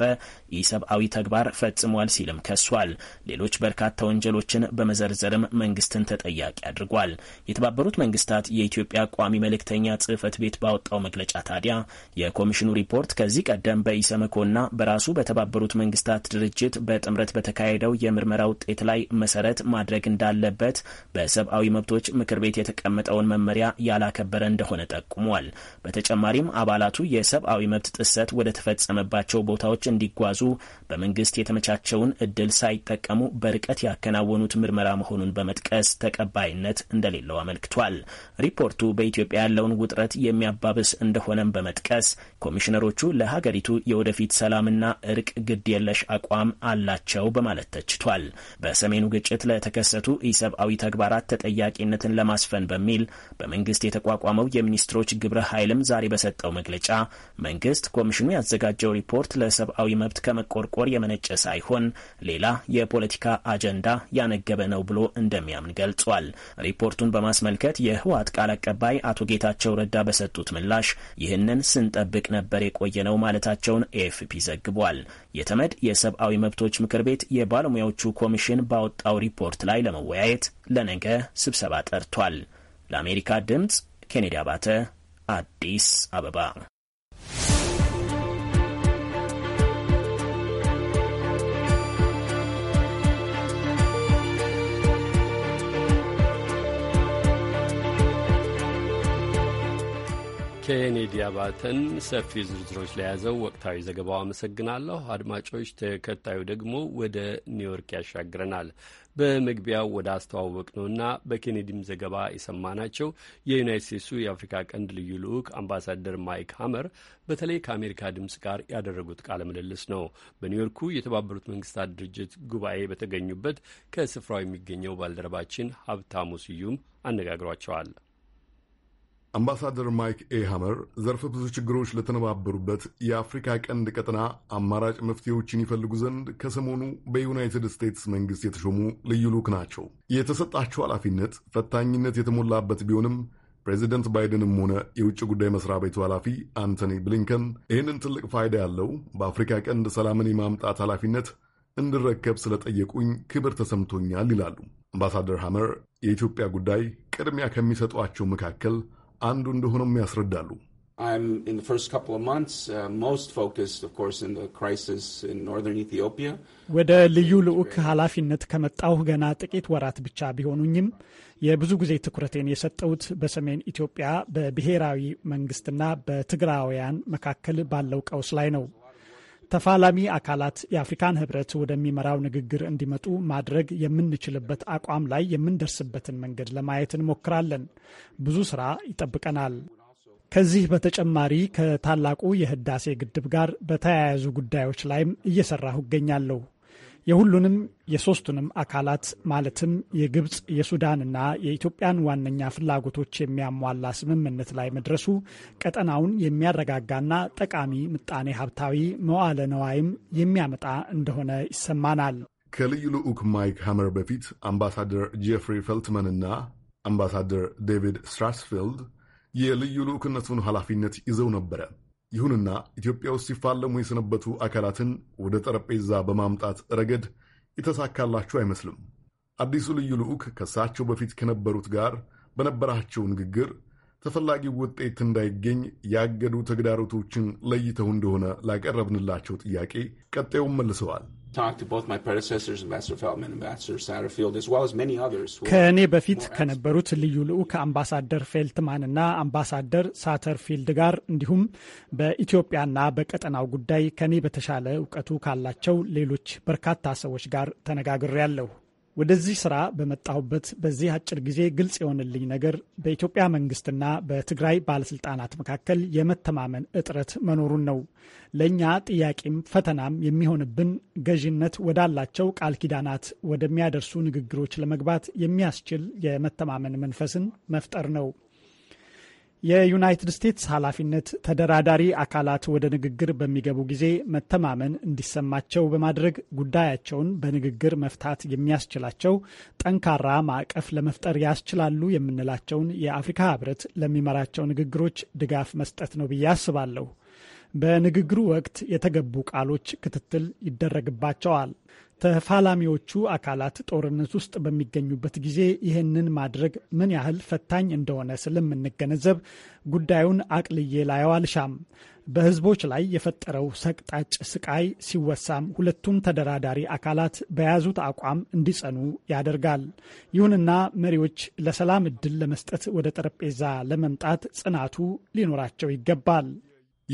ኢሰብአዊ ተግባር ፈጽሟል ሲልም ከሷል። ሌሎች ሌሎች በርካታ ወንጀሎችን በመዘርዘርም መንግስትን ተጠያቂ አድርጓል። የተባበሩት መንግስታት የኢትዮጵያ ቋሚ መልእክተኛ ጽህፈት ቤት ባወጣው መግለጫ ታዲያ የኮሚሽኑ ሪፖርት ከዚህ ቀደም በኢሰመኮና በራሱ በተባበሩት መንግስታት ድርጅት በጥምረት በተካሄደው የምርመራ ውጤት ላይ መሰረት ማድረግ እንዳለበት በሰብአዊ መብቶች ምክር ቤት የተቀመጠውን መመሪያ ያላከበረ እንደሆነ ጠቁሟል። በተጨማሪም አባላቱ የሰብአዊ መብት ጥሰት ወደ ተፈጸመባቸው ቦታዎች እንዲጓዙ በመንግስት የተመቻቸውን እድል ሳይጠቀሙ በርቀት ያከናወኑት ምርመራ መሆኑን በመጥቀስ ተቀባይነት እንደሌለው አመልክቷል። ሪፖርቱ በኢትዮጵያ ያለውን ውጥረት የሚያባብስ እንደሆነም በመጥቀስ ኮሚሽነሮቹ ለሀገሪቱ የወደፊት ሰላምና እርቅ ግድ የለሽ አቋም አላቸው በማለት ተችቷል። በሰሜኑ ግጭት ለተከሰቱ ኢሰብአዊ ተግባራት ተጠያቂነትን ለማስፈን በሚል በመንግስት የተቋቋመው የሚኒስትሮች ግብረ ኃይልም ዛሬ በሰጠው መግለጫ መንግስት ኮሚሽኑ ያዘጋጀው ሪፖርት ለሰብአዊ መብት ከመቆርቆር የመነጨ ሳይሆን ሌላ የፖለቲካ አጀንዳ ያነገበ ነው ብሎ እንደሚያምን ገልጿል። ሪፖርቱን በማስመልከት የህወሓት ቃል አቀባይ አቶ ጌታቸው ረዳ በሰጡት ምላሽ ይህንን ስንጠብቅ ነበር የቆየ ነው ማለታቸውን ኤፍፒ ዘግቧል። የተመድ የሰብአዊ መብቶች ምክር ቤት የባለሙያዎቹ ኮሚሽን ባወጣው ሪፖርት ላይ ለመወያየት ለነገ ስብሰባ ጠርቷል። ለአሜሪካ ድምፅ ኬኔዲ አባተ አዲስ አበባ ኬኔዲ አባተን ሰፊ ዝርዝሮች ለያዘው ወቅታዊ ዘገባው አመሰግናለሁ። አድማጮች፣ ተከታዩ ደግሞ ወደ ኒውዮርክ ያሻግረናል። በመግቢያው ወደ አስተዋወቅ ነውና በኬኔዲም ዘገባ የሰማናቸው የዩናይት ስቴትሱ የአፍሪካ ቀንድ ልዩ ልዑክ አምባሳደር ማይክ ሀመር በተለይ ከአሜሪካ ድምፅ ጋር ያደረጉት ቃለ ምልልስ ነው። በኒውዮርኩ የተባበሩት መንግስታት ድርጅት ጉባኤ በተገኙበት ከስፍራው የሚገኘው ባልደረባችን ሀብታሙ ስዩም አነጋግሯቸዋል። አምባሳደር ማይክ ኤ ሃመር ዘርፈ ብዙ ችግሮች ለተነባበሩበት የአፍሪካ ቀንድ ቀጠና አማራጭ መፍትሄዎችን ይፈልጉ ዘንድ ከሰሞኑ በዩናይትድ ስቴትስ መንግሥት የተሾሙ ልዩ ሉክ ናቸው። የተሰጣቸው ኃላፊነት ፈታኝነት የተሞላበት ቢሆንም ፕሬዚደንት ባይደንም ሆነ የውጭ ጉዳይ መስሪያ ቤቱ ኃላፊ አንቶኒ ብሊንከን ይህንን ትልቅ ፋይዳ ያለው በአፍሪካ ቀንድ ሰላምን የማምጣት ኃላፊነት እንድረከብ ስለጠየቁኝ ክብር ተሰምቶኛል ይላሉ አምባሳደር ሃመር። የኢትዮጵያ ጉዳይ ቅድሚያ ከሚሰጧቸው መካከል አንዱ እንደሆነም ያስረዳሉ። uh, ወደ ልዩ ልዑክ ኃላፊነት ከመጣሁ ገና ጥቂት ወራት ብቻ ቢሆኑኝም የብዙ ጊዜ ትኩረቴን የሰጠሁት በሰሜን ኢትዮጵያ በብሔራዊ መንግስትና በትግራውያን መካከል ባለው ቀውስ ላይ ነው። ተፋላሚ አካላት የአፍሪካን ህብረት ወደሚመራው ንግግር እንዲመጡ ማድረግ የምንችልበት አቋም ላይ የምንደርስበትን መንገድ ለማየት እንሞክራለን። ብዙ ስራ ይጠብቀናል። ከዚህ በተጨማሪ ከታላቁ የህዳሴ ግድብ ጋር በተያያዙ ጉዳዮች ላይም እየሰራሁ እገኛለሁ። የሁሉንም የሶስቱንም አካላት ማለትም የግብፅ የሱዳንና የኢትዮጵያን ዋነኛ ፍላጎቶች የሚያሟላ ስምምነት ላይ መድረሱ ቀጠናውን የሚያረጋጋና ጠቃሚ ምጣኔ ሀብታዊ መዋለ ነዋይም የሚያመጣ እንደሆነ ይሰማናል። ከልዩ ልዑክ ማይክ ሃመር በፊት አምባሳደር ጄፍሪ ፈልትመንና አምባሳደር ዴቪድ ስትራስፊልድ የልዩ ልዑክነቱን ኃላፊነት ይዘው ነበረ። ይሁንና ኢትዮጵያ ውስጥ ሲፋለሙ የሰነበቱ አካላትን ወደ ጠረጴዛ በማምጣት ረገድ የተሳካላችሁ አይመስልም። አዲሱ ልዩ ልዑክ ከእሳቸው በፊት ከነበሩት ጋር በነበራቸው ንግግር ተፈላጊ ውጤት እንዳይገኝ ያገዱ ተግዳሮቶችን ለይተው እንደሆነ ላቀረብንላቸው ጥያቄ ቀጣዩም መልሰዋል። ከእኔ በፊት ከነበሩት ልዩ ልዑክ አምባሳደር ፌልትማንና አምባሳደር ሳተርፊልድ ጋር እንዲሁም በኢትዮጵያና በቀጠናው ጉዳይ ከእኔ በተሻለ እውቀቱ ካላቸው ሌሎች በርካታ ሰዎች ጋር ተነጋግሬያለሁ። ወደዚህ ስራ በመጣሁበት በዚህ አጭር ጊዜ ግልጽ የሆነልኝ ነገር በኢትዮጵያ መንግስትና በትግራይ ባለስልጣናት መካከል የመተማመን እጥረት መኖሩን ነው። ለእኛ ጥያቄም ፈተናም የሚሆንብን ገዥነት ወዳላቸው ቃል ኪዳናት ወደሚያደርሱ ንግግሮች ለመግባት የሚያስችል የመተማመን መንፈስን መፍጠር ነው። የዩናይትድ ስቴትስ ኃላፊነት ተደራዳሪ አካላት ወደ ንግግር በሚገቡ ጊዜ መተማመን እንዲሰማቸው በማድረግ ጉዳያቸውን በንግግር መፍታት የሚያስችላቸው ጠንካራ ማዕቀፍ ለመፍጠር ያስችላሉ የምንላቸውን የአፍሪካ ሕብረት ለሚመራቸው ንግግሮች ድጋፍ መስጠት ነው ብዬ አስባለሁ። በንግግሩ ወቅት የተገቡ ቃሎች ክትትል ይደረግባቸዋል። ተፋላሚዎቹ አካላት ጦርነት ውስጥ በሚገኙበት ጊዜ ይህንን ማድረግ ምን ያህል ፈታኝ እንደሆነ ስለምንገነዘብ ጉዳዩን አቅልዬ ላየው አልሻም። በህዝቦች ላይ የፈጠረው ሰቅጣጭ ስቃይ ሲወሳም ሁለቱም ተደራዳሪ አካላት በያዙት አቋም እንዲጸኑ ያደርጋል። ይሁንና መሪዎች ለሰላም እድል ለመስጠት ወደ ጠረጴዛ ለመምጣት ጽናቱ ሊኖራቸው ይገባል።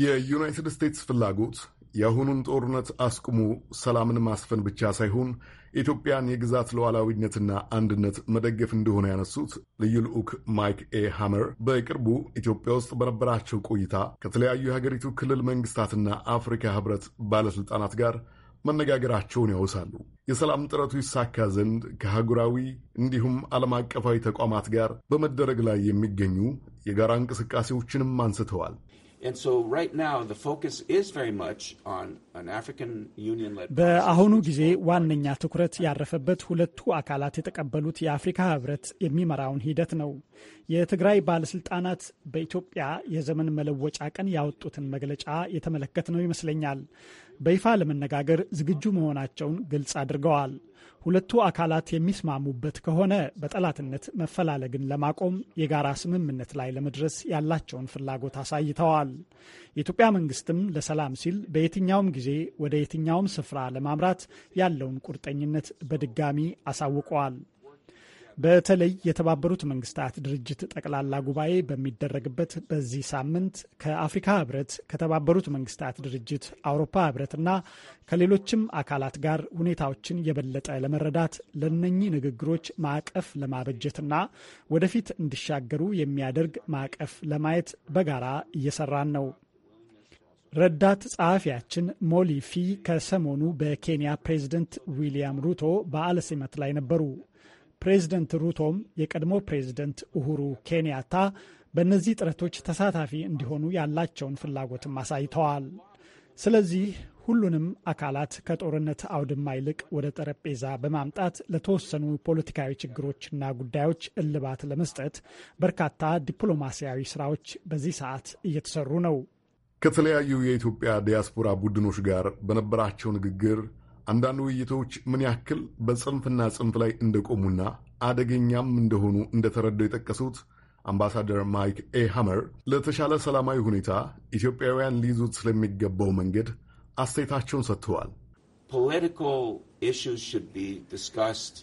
የዩናይትድ ስቴትስ ፍላጎት የአሁኑን ጦርነት አስቁሙ፣ ሰላምን ማስፈን ብቻ ሳይሆን የኢትዮጵያን የግዛት ሉዓላዊነትና አንድነት መደገፍ እንደሆነ ያነሱት ልዩ ልዑክ ማይክ ኤ ሃመር በቅርቡ ኢትዮጵያ ውስጥ በነበራቸው ቆይታ ከተለያዩ የሀገሪቱ ክልል መንግስታትና አፍሪካ ህብረት ባለሥልጣናት ጋር መነጋገራቸውን ያውሳሉ። የሰላም ጥረቱ ይሳካ ዘንድ ከአህጉራዊ እንዲሁም ዓለም አቀፋዊ ተቋማት ጋር በመደረግ ላይ የሚገኙ የጋራ እንቅስቃሴዎችንም አንስተዋል። በአሁኑ ጊዜ ዋነኛ ትኩረት ያረፈበት ሁለቱ አካላት የተቀበሉት የአፍሪካ ህብረት የሚመራውን ሂደት ነው። የትግራይ ባለስልጣናት በኢትዮጵያ የዘመን መለወጫ ቀን ያወጡትን መግለጫ ነው ይመስለኛል። በይፋ ለመነጋገር ዝግጁ መሆናቸውን ግልጽ አድርገዋል። ሁለቱ አካላት የሚስማሙበት ከሆነ በጠላትነት መፈላለግን ለማቆም የጋራ ስምምነት ላይ ለመድረስ ያላቸውን ፍላጎት አሳይተዋል። የኢትዮጵያ መንግስትም ለሰላም ሲል በየትኛውም ጊዜ ወደ የትኛውም ስፍራ ለማምራት ያለውን ቁርጠኝነት በድጋሚ አሳውቀዋል። በተለይ የተባበሩት መንግስታት ድርጅት ጠቅላላ ጉባኤ በሚደረግበት በዚህ ሳምንት ከአፍሪካ ህብረት፣ ከተባበሩት መንግስታት ድርጅት፣ አውሮፓ ህብረትና ከሌሎችም አካላት ጋር ሁኔታዎችን የበለጠ ለመረዳት ለነኚህ ንግግሮች ማዕቀፍ ለማበጀትና ወደፊት እንዲሻገሩ የሚያደርግ ማዕቀፍ ለማየት በጋራ እየሰራን ነው። ረዳት ጸሐፊያችን ሞሊፊ ከሰሞኑ በኬንያ ፕሬዝደንት ዊሊያም ሩቶ በዓለ ሲመት ላይ ነበሩ። ፕሬዝደንት ሩቶም የቀድሞ ፕሬዝደንት ኡሁሩ ኬንያታ በእነዚህ ጥረቶች ተሳታፊ እንዲሆኑ ያላቸውን ፍላጎትም አሳይተዋል። ስለዚህ ሁሉንም አካላት ከጦርነት አውድማ ይልቅ ወደ ጠረጴዛ በማምጣት ለተወሰኑ ፖለቲካዊ ችግሮችና ጉዳዮች እልባት ለመስጠት በርካታ ዲፕሎማሲያዊ ስራዎች በዚህ ሰዓት እየተሰሩ ነው። ከተለያዩ የኢትዮጵያ ዲያስፖራ ቡድኖች ጋር በነበራቸው ንግግር አንዳንድ ውይይቶች ምን ያክል በጽንፍና ጽንፍ ላይ እንደቆሙና አደገኛም እንደሆኑ እንደተረዳው የጠቀሱት አምባሳደር ማይክ ኤ ሃመር ለተሻለ ሰላማዊ ሁኔታ ኢትዮጵያውያን ሊይዙት ስለሚገባው መንገድ አስተያየታቸውን ሰጥተዋል። ፖለቲካል ኢሹስ ሹድ ቢ ዲስከስድ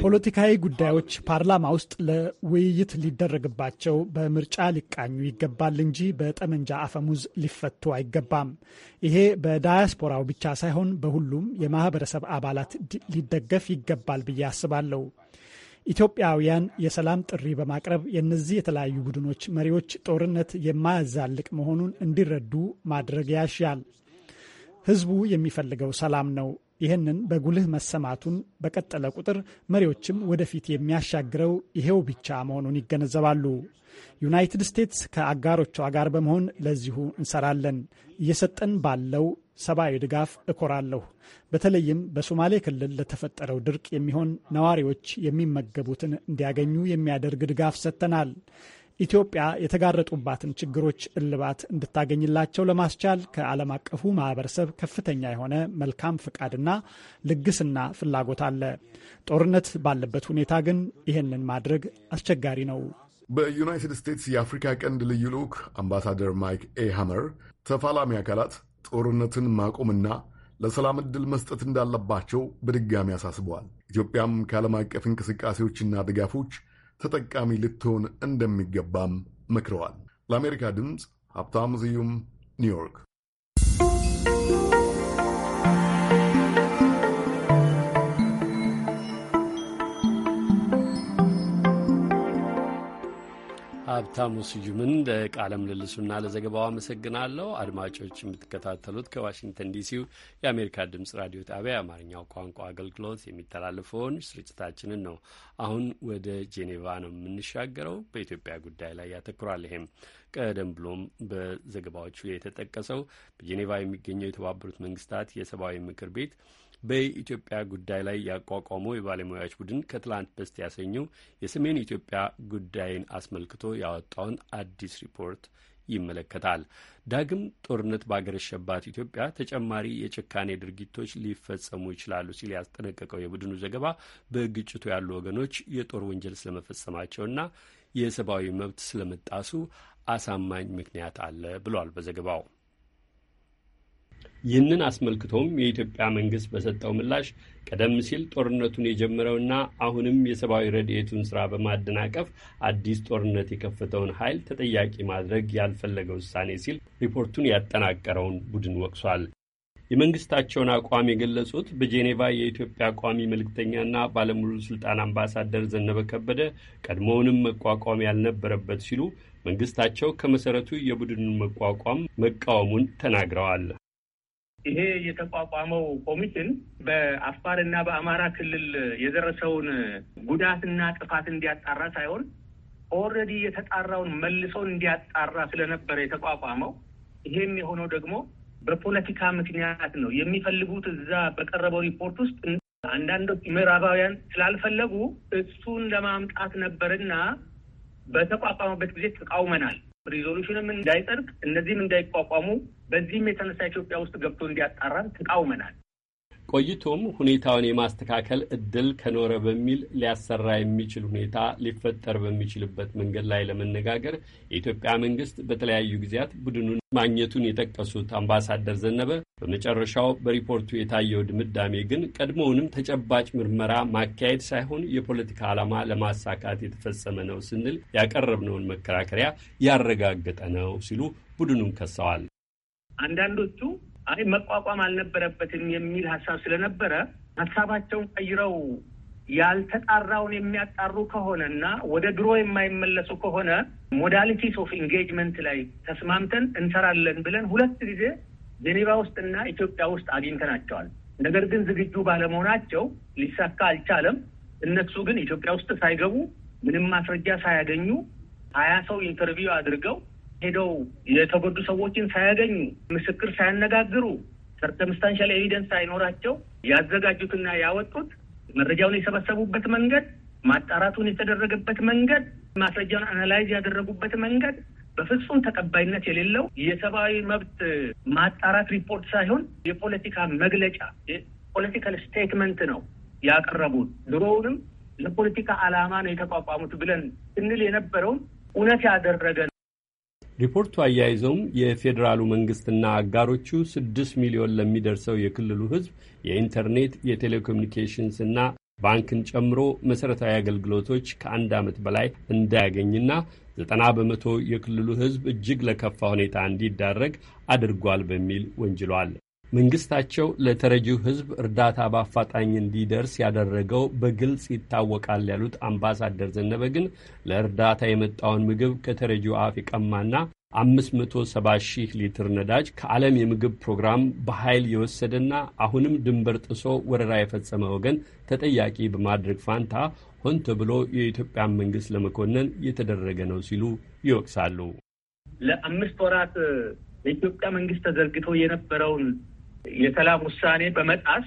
ፖለቲካዊ ጉዳዮች ፓርላማ ውስጥ ለውይይት ሊደረግባቸው በምርጫ ሊቃኙ ይገባል እንጂ በጠመንጃ አፈሙዝ ሊፈቱ አይገባም። ይሄ በዳያስፖራው ብቻ ሳይሆን በሁሉም የማህበረሰብ አባላት ሊደገፍ ይገባል ብዬ አስባለሁ። ኢትዮጵያውያን የሰላም ጥሪ በማቅረብ የእነዚህ የተለያዩ ቡድኖች መሪዎች ጦርነት የማያዛልቅ መሆኑን እንዲረዱ ማድረግ ያሻል። ህዝቡ የሚፈልገው ሰላም ነው። ይህንን በጉልህ መሰማቱን በቀጠለ ቁጥር መሪዎችም ወደፊት የሚያሻግረው ይሄው ብቻ መሆኑን ይገነዘባሉ። ዩናይትድ ስቴትስ ከአጋሮቿ ጋር በመሆን ለዚሁ እንሰራለን። እየሰጠን ባለው ሰብአዊ ድጋፍ እኮራለሁ። በተለይም በሶማሌ ክልል ለተፈጠረው ድርቅ የሚሆን ነዋሪዎች የሚመገቡትን እንዲያገኙ የሚያደርግ ድጋፍ ሰጥተናል። ኢትዮጵያ የተጋረጡባትን ችግሮች እልባት እንድታገኝላቸው ለማስቻል ከዓለም አቀፉ ማህበረሰብ ከፍተኛ የሆነ መልካም ፍቃድና ልግስና ፍላጎት አለ። ጦርነት ባለበት ሁኔታ ግን ይህንን ማድረግ አስቸጋሪ ነው። በዩናይትድ ስቴትስ የአፍሪካ ቀንድ ልዩ ልዑክ አምባሳደር ማይክ ኤ ሃመር ተፋላሚ አካላት ጦርነትን ማቆምና ለሰላም ዕድል መስጠት እንዳለባቸው በድጋሚ አሳስበዋል። ኢትዮጵያም ከዓለም አቀፍ እንቅስቃሴዎችና ድጋፎች ተጠቃሚ ልትሆን እንደሚገባም መክረዋል። ለአሜሪካ ድምፅ ሀብታሙ ስዩም ኒውዮርክ። ሀብታሙ ስዩምን ለቃለ ምልልሱና ለዘገባው አመሰግናለሁ። አድማጮች የምትከታተሉት ከዋሽንግተን ዲሲው የአሜሪካ ድምጽ ራዲዮ ጣቢያ የአማርኛው ቋንቋ አገልግሎት የሚተላለፈውን ስርጭታችንን ነው። አሁን ወደ ጄኔቫ ነው የምንሻገረው። በኢትዮጵያ ጉዳይ ላይ ያተኩራል። ይሄም ቀደም ብሎም በዘገባዎቹ የተጠቀሰው በጄኔቫ የሚገኘው የተባበሩት መንግስታት የሰብአዊ ምክር ቤት በኢትዮጵያ ጉዳይ ላይ ያቋቋመው የባለሙያዎች ቡድን ከትላንት በስቲ ያሰኘው የሰሜን ኢትዮጵያ ጉዳይን አስመልክቶ ያወጣውን አዲስ ሪፖርት ይመለከታል። ዳግም ጦርነት ባገረሸባት ኢትዮጵያ ተጨማሪ የጭካኔ ድርጊቶች ሊፈጸሙ ይችላሉ ሲል ያስጠነቀቀው የቡድኑ ዘገባ በግጭቱ ያሉ ወገኖች የጦር ወንጀል ስለመፈጸማቸውና የሰብአዊ መብት ስለመጣሱ አሳማኝ ምክንያት አለ ብሏል በዘገባው። ይህንን አስመልክቶም የኢትዮጵያ መንግስት በሰጠው ምላሽ ቀደም ሲል ጦርነቱን የጀመረውና አሁንም የሰብአዊ ረድኤቱን ስራ በማደናቀፍ አዲስ ጦርነት የከፈተውን ኃይል ተጠያቂ ማድረግ ያልፈለገ ውሳኔ ሲል ሪፖርቱን ያጠናቀረውን ቡድን ወቅሷል። የመንግስታቸውን አቋም የገለጹት በጄኔቫ የኢትዮጵያ ቋሚ መልእክተኛና ባለሙሉ ስልጣን አምባሳደር ዘነበ ከበደ ቀድሞውንም መቋቋም ያልነበረበት ሲሉ መንግስታቸው ከመሰረቱ የቡድኑን መቋቋም መቃወሙን ተናግረዋል። ይሄ የተቋቋመው ኮሚሽን በአፋር እና በአማራ ክልል የደረሰውን ጉዳትና ጥፋት እንዲያጣራ ሳይሆን ኦልሬዲ የተጣራውን መልሶ እንዲያጣራ ስለነበረ የተቋቋመው። ይሄም የሆነው ደግሞ በፖለቲካ ምክንያት ነው። የሚፈልጉት እዛ በቀረበው ሪፖርት ውስጥ አንዳንዶች ምዕራባውያን ስላልፈለጉ እሱን ለማምጣት ነበርና በተቋቋመበት ጊዜ ተቃውመናል። ሪዞሉሽንም እንዳይጸድቅ እነዚህም እንዳይቋቋሙ በዚህም የተነሳ ኢትዮጵያ ውስጥ ገብቶ እንዲያጣራን ተቃውመናል። ቆይቶም ሁኔታውን የማስተካከል እድል ከኖረ በሚል ሊያሰራ የሚችል ሁኔታ ሊፈጠር በሚችልበት መንገድ ላይ ለመነጋገር የኢትዮጵያ መንግስት በተለያዩ ጊዜያት ቡድኑን ማግኘቱን የጠቀሱት አምባሳደር ዘነበ በመጨረሻው በሪፖርቱ የታየው ድምዳሜ ግን ቀድሞውንም ተጨባጭ ምርመራ ማካሄድ ሳይሆን የፖለቲካ ዓላማ ለማሳካት የተፈጸመ ነው ስንል ያቀረብነውን መከራከሪያ ያረጋገጠ ነው ሲሉ ቡድኑን ከሰዋል። አንዳንዶቹ አይ መቋቋም አልነበረበትም የሚል ሀሳብ ስለነበረ ሀሳባቸውን ቀይረው ያልተጣራውን የሚያጣሩ ከሆነ እና ወደ ድሮ የማይመለሱ ከሆነ ሞዳሊቲስ ኦፍ ኢንጌጅመንት ላይ ተስማምተን እንሰራለን ብለን ሁለት ጊዜ ጄኔቫ እና ኢትዮጵያ ውስጥ አግኝተናቸዋል። ነገር ግን ዝግጁ ባለመሆናቸው ሊሳካ አልቻለም። እነሱ ግን ኢትዮጵያ ውስጥ ሳይገቡ ምንም ማስረጃ ሳያገኙ ሀያ ሰው ኢንተርቪው አድርገው ሄደው የተጎዱ ሰዎችን ሳያገኙ ምስክር ሳያነጋግሩ ሰርከምስታንሻል ኤቪደንስ ሳይኖራቸው ያዘጋጁትና ያወጡት መረጃውን የሰበሰቡበት መንገድ፣ ማጣራቱን የተደረገበት መንገድ፣ ማስረጃውን አናላይዝ ያደረጉበት መንገድ በፍጹም ተቀባይነት የሌለው የሰብአዊ መብት ማጣራት ሪፖርት ሳይሆን የፖለቲካ መግለጫ የፖለቲካል ስቴትመንት ነው ያቀረቡት። ድሮውንም ለፖለቲካ ዓላማ ነው የተቋቋሙት ብለን ስንል የነበረውን እውነት ያደረገ ሪፖርቱ አያይዘውም የፌዴራሉ መንግስትና አጋሮቹ ስድስት ሚሊዮን ለሚደርሰው የክልሉ ህዝብ የኢንተርኔት እና ባንክን ጨምሮ መሠረታዊ አገልግሎቶች ከአንድ ዓመት በላይ እንዳያገኝና ዘጠና በመቶ የክልሉ ህዝብ እጅግ ለከፋ ሁኔታ እንዲዳረግ አድርጓል በሚል ወንጅሏል። መንግስታቸው ለተረጂው ህዝብ እርዳታ በአፋጣኝ እንዲደርስ ያደረገው በግልጽ ይታወቃል ያሉት አምባሳደር ዘነበ ግን ለእርዳታ የመጣውን ምግብ ከተረጂው አፍ የቀማና 570 ሺህ ሊትር ነዳጅ ከዓለም የምግብ ፕሮግራም በኃይል የወሰደና አሁንም ድንበር ጥሶ ወረራ የፈጸመ ወገን ተጠያቂ በማድረግ ፋንታ ሆን ተብሎ የኢትዮጵያን መንግስት ለመኮነን እየተደረገ ነው ሲሉ ይወቅሳሉ። ለአምስት ወራት ለኢትዮጵያ መንግስት ተዘርግቶ የነበረውን የሰላም ውሳኔ በመጣስ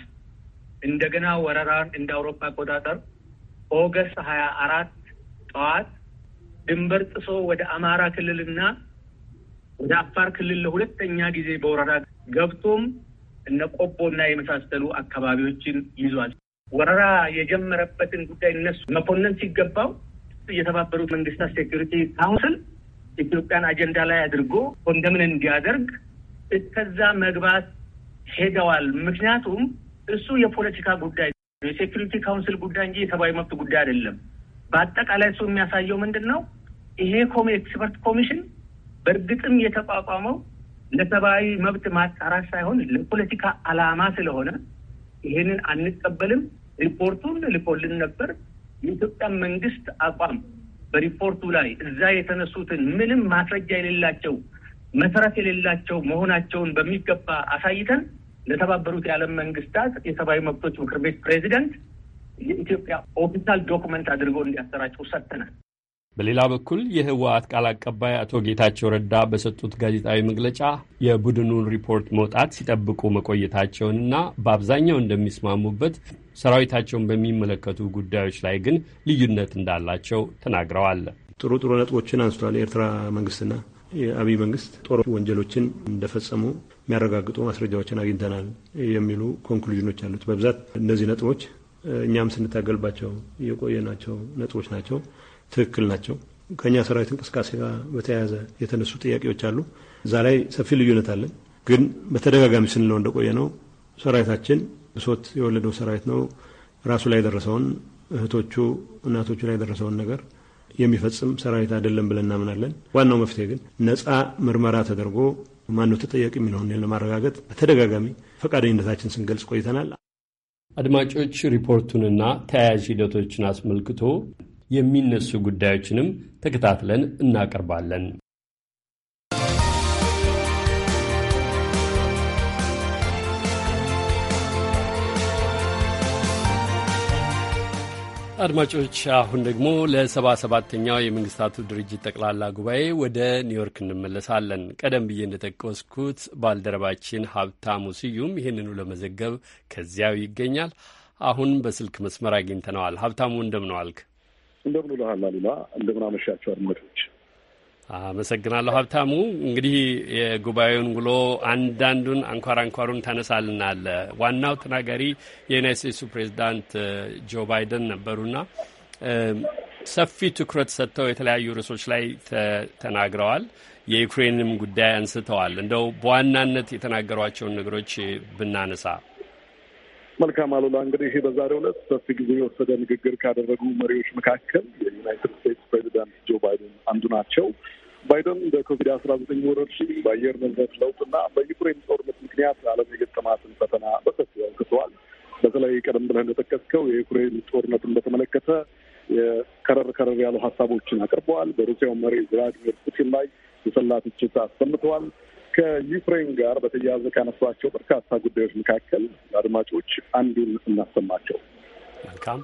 እንደገና ወረራን እንደ አውሮፓ አቆጣጠር ኦገስት ሀያ አራት ጠዋት ድንበር ጥሶ ወደ አማራ ክልልና ወደ አፋር ክልል ለሁለተኛ ጊዜ በወረራ ገብቶም እነ ቆቦና የመሳሰሉ አካባቢዎችን ይዟል። ወረራ የጀመረበትን ጉዳይ እነሱ መኮንን ሲገባው የተባበሩት መንግስታት ሴኪሪቲ ካውንስል ኢትዮጵያን አጀንዳ ላይ አድርጎ ኮንደምን እንዲያደርግ እስከዛ መግባት ሄደዋል። ምክንያቱም እሱ የፖለቲካ ጉዳይ የሴኪሪቲ ካውንስል ጉዳይ እንጂ የሰብአዊ መብት ጉዳይ አይደለም። በአጠቃላይ እሱ የሚያሳየው ምንድን ነው? ይሄ ኤክስፐርት ኮሚሽን በእርግጥም የተቋቋመው ለሰብአዊ መብት ማጣራት ሳይሆን ለፖለቲካ አላማ ስለሆነ ይሄንን አንቀበልም። ሪፖርቱን ልኮልን ነበር። የኢትዮጵያ መንግስት አቋም በሪፖርቱ ላይ እዛ የተነሱትን ምንም ማስረጃ የሌላቸው መሰረት የሌላቸው መሆናቸውን በሚገባ አሳይተን ለተባበሩት የዓለም መንግስታት የሰብአዊ መብቶች ምክር ቤት ፕሬዚደንት የኢትዮጵያ ኦፊሻል ዶክመንት አድርገው እንዲያሰራጩ ሰጥተናል። በሌላ በኩል የህወሓት ቃል አቀባይ አቶ ጌታቸው ረዳ በሰጡት ጋዜጣዊ መግለጫ የቡድኑን ሪፖርት መውጣት ሲጠብቁ መቆየታቸውንና በአብዛኛው እንደሚስማሙበት ሰራዊታቸውን በሚመለከቱ ጉዳዮች ላይ ግን ልዩነት እንዳላቸው ተናግረዋል። ጥሩ ጥሩ ነጥቦችን አንስቷል የኤርትራ መንግስትና የአብይ መንግስት ጦር ወንጀሎችን እንደፈጸሙ የሚያረጋግጡ ማስረጃዎችን አግኝተናል የሚሉ ኮንክሉዥኖች አሉት። በብዛት እነዚህ ነጥቦች እኛም ስንታገልባቸው የቆየናቸው ነጥቦች ናቸው። ትክክል ናቸው። ከእኛ ሰራዊት እንቅስቃሴ ጋር በተያያዘ የተነሱ ጥያቄዎች አሉ። እዛ ላይ ሰፊ ልዩነት አለን። ግን በተደጋጋሚ ስንለው እንደቆየ ነው ሰራዊታችን ብሶት የወለደው ሰራዊት ነው። ራሱ ላይ የደረሰውን እህቶቹ፣ እናቶቹ ላይ የደረሰውን ነገር የሚፈጽም ሰራዊት አይደለም ብለን እናምናለን። ዋናው መፍትሄ ግን ነፃ ምርመራ ተደርጎ ማነው ተጠያቂ የሚለውን ለማረጋገጥ በተደጋጋሚ ፈቃደኝነታችን ስንገልጽ ቆይተናል። አድማጮች ሪፖርቱንና ተያያዥ ሂደቶችን አስመልክቶ የሚነሱ ጉዳዮችንም ተከታትለን እናቀርባለን። አድማጮች አሁን ደግሞ ለሰባ ሰባተኛው የመንግስታቱ ድርጅት ጠቅላላ ጉባኤ ወደ ኒውዮርክ እንመለሳለን። ቀደም ብዬ እንደጠቀስኩት ባልደረባችን ሀብታሙ ስዩም ይህንኑ ለመዘገብ ከዚያው ይገኛል። አሁን በስልክ መስመር አግኝተነዋል። ሀብታሙ እንደምን ዋልክ? እንደምን ውለሃል? አሉላ እንደምን አመሻቸው አድማጮች አመሰግናለሁ ሀብታሙ። እንግዲህ የጉባኤውን ውሎ አንዳንዱን አንኳር አንኳሩን ታነሳልናለ። ዋናው ተናጋሪ የዩናይት ስቴትሱ ፕሬዚዳንት ጆ ባይደን ነበሩና ሰፊ ትኩረት ሰጥተው የተለያዩ ርዕሶች ላይ ተናግረዋል። የዩክሬንም ጉዳይ አንስተዋል። እንደው በዋናነት የተናገሯቸውን ነገሮች ብናነሳ መልካም አሉላ። እንግዲህ በዛሬው ዕለት ሰፊ ጊዜ የወሰደ ንግግር ካደረጉ መሪዎች መካከል የዩናይትድ ስቴትስ ፕሬዚዳንት ጆ ባይደን አንዱ ናቸው። ባይደን በኮቪድ አስራ ዘጠኝ ወረርሽኝ በአየር ንብረት ለውጥና በዩክሬን ጦርነት ምክንያት ዓለም የገጠማትን ፈተና በሰፊው አንስተዋል። በተለይ ቀደም ብለህ እንደጠቀስከው የዩክሬን ጦርነትን በተመለከተ የከረር ከረር ያሉ ሀሳቦችን አቅርበዋል። በሩሲያው መሪ ቭላዲሚር ፑቲን ላይ የሰላ ትችት አሰምተዋል። ከዩክሬን ጋር በተያያዘ ካነሷቸው በርካታ ጉዳዮች መካከል አድማጮች አንዱን እናሰማቸው። መልካም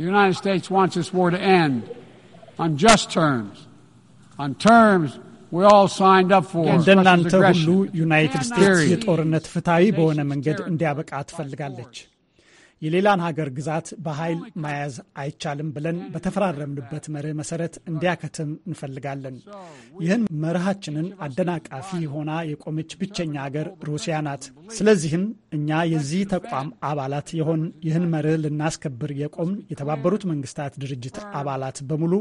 The United States wants this war to end on just terms, on terms we all signed up for. እንደናንተ ሁሉ ዩናይትድ ስቴትስ የጦርነት ፍትሐዊ በሆነ መንገድ እንዲያበቃ ትፈልጋለች። የሌላን ሀገር ግዛት በኃይል መያዝ አይቻልም ብለን በተፈራረምንበት መርህ መሰረት እንዲያከትም እንፈልጋለን። ይህን መርሃችንን አደናቃፊ ሆና የቆመች ብቸኛ ሀገር ሩሲያ ናት። ስለዚህም እኛ የዚህ ተቋም አባላት የሆን ይህን መርህ ልናስከብር የቆም የተባበሩት መንግስታት ድርጅት አባላት በሙሉ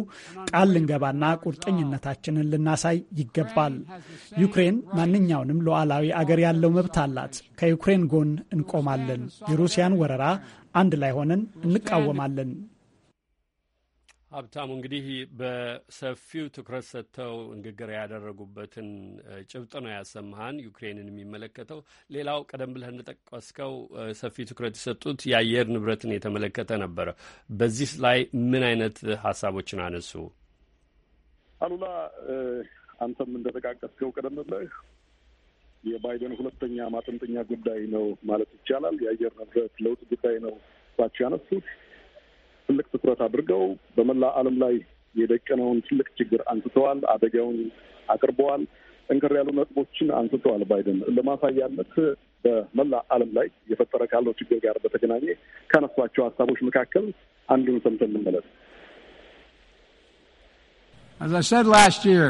ቃል ልንገባና ቁርጠኝነታችንን ልናሳይ ይገባል። ዩክሬን ማንኛውንም ሉዓላዊ አገር ያለው መብት አላት። ከዩክሬን ጎን እንቆማለን። የሩሲያን ወረራ አንድ ላይ ሆነን እንቃወማለን። ሀብታሙ እንግዲህ በሰፊው ትኩረት ሰጥተው ንግግር ያደረጉበትን ጭብጥ ነው ያሰማሃን፣ ዩክሬንን የሚመለከተው። ሌላው ቀደም ብለህ እንደጠቀስከው ሰፊ ትኩረት የሰጡት የአየር ንብረትን የተመለከተ ነበረ። በዚህ ላይ ምን አይነት ሀሳቦችን አነሱ? አሉላ አንተም እንደጠቃቀስከው ቀደም ብለህ የባይደን ሁለተኛ ማጠንጠኛ ጉዳይ ነው ማለት ይቻላል። የአየር ንብረት ለውጥ ጉዳይ ነው ባቸው ያነሱት ትልቅ ትኩረት አድርገው በመላ ዓለም ላይ የደቀነውን ትልቅ ችግር አንስተዋል። አደጋውን አቅርበዋል። ጠንከር ያሉ ነጥቦችን አንስተዋል። ባይደን ለማሳያነት በመላ ዓለም ላይ እየፈጠረ ካለው ችግር ጋር በተገናኘ ካነሷቸው ሀሳቦች መካከል አንዱን ሰምተን እንመለስ። As I said last year,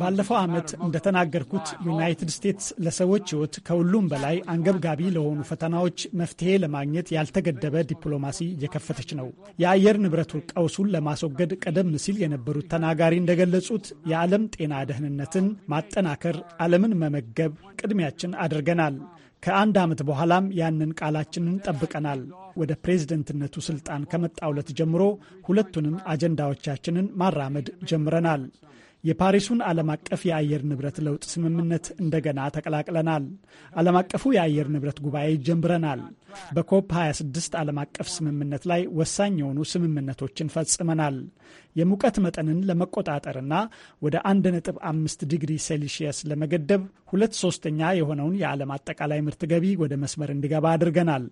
ባለፈው ዓመት እንደተናገርኩት ዩናይትድ ስቴትስ ለሰዎች ሕይወት ከሁሉም በላይ አንገብጋቢ ለሆኑ ፈተናዎች መፍትሄ ለማግኘት ያልተገደበ ዲፕሎማሲ እየከፈተች ነው። የአየር ንብረቱ ቀውሱን ለማስወገድ ቀደም ሲል የነበሩት ተናጋሪ እንደገለጹት የዓለም ጤና ደህንነትን ማጠናከር፣ ዓለምን መመገብ ቅድሚያችን አድርገናል። ከአንድ ዓመት በኋላም ያንን ቃላችንን ጠብቀናል። ወደ ፕሬዝደንትነቱ ስልጣን ከመጣ ዕለት ጀምሮ ሁለቱንም አጀንዳዎቻችንን ማራመድ ጀምረናል። የፓሪሱን ዓለም አቀፍ የአየር ንብረት ለውጥ ስምምነት እንደገና ተቀላቅለናል። ዓለም አቀፉ የአየር ንብረት ጉባኤ ጀምረናል። በኮፕ 26 ዓለም አቀፍ ስምምነት ላይ ወሳኝ የሆኑ ስምምነቶችን ፈጽመናል። የሙቀት መጠንን ለመቆጣጠርና ወደ 1.5 ዲግሪ ሴልሺየስ ለመገደብ ሁለት ሶስተኛ የሆነውን የዓለም አጠቃላይ ምርት ገቢ ወደ መስመር እንዲገባ አድርገናል።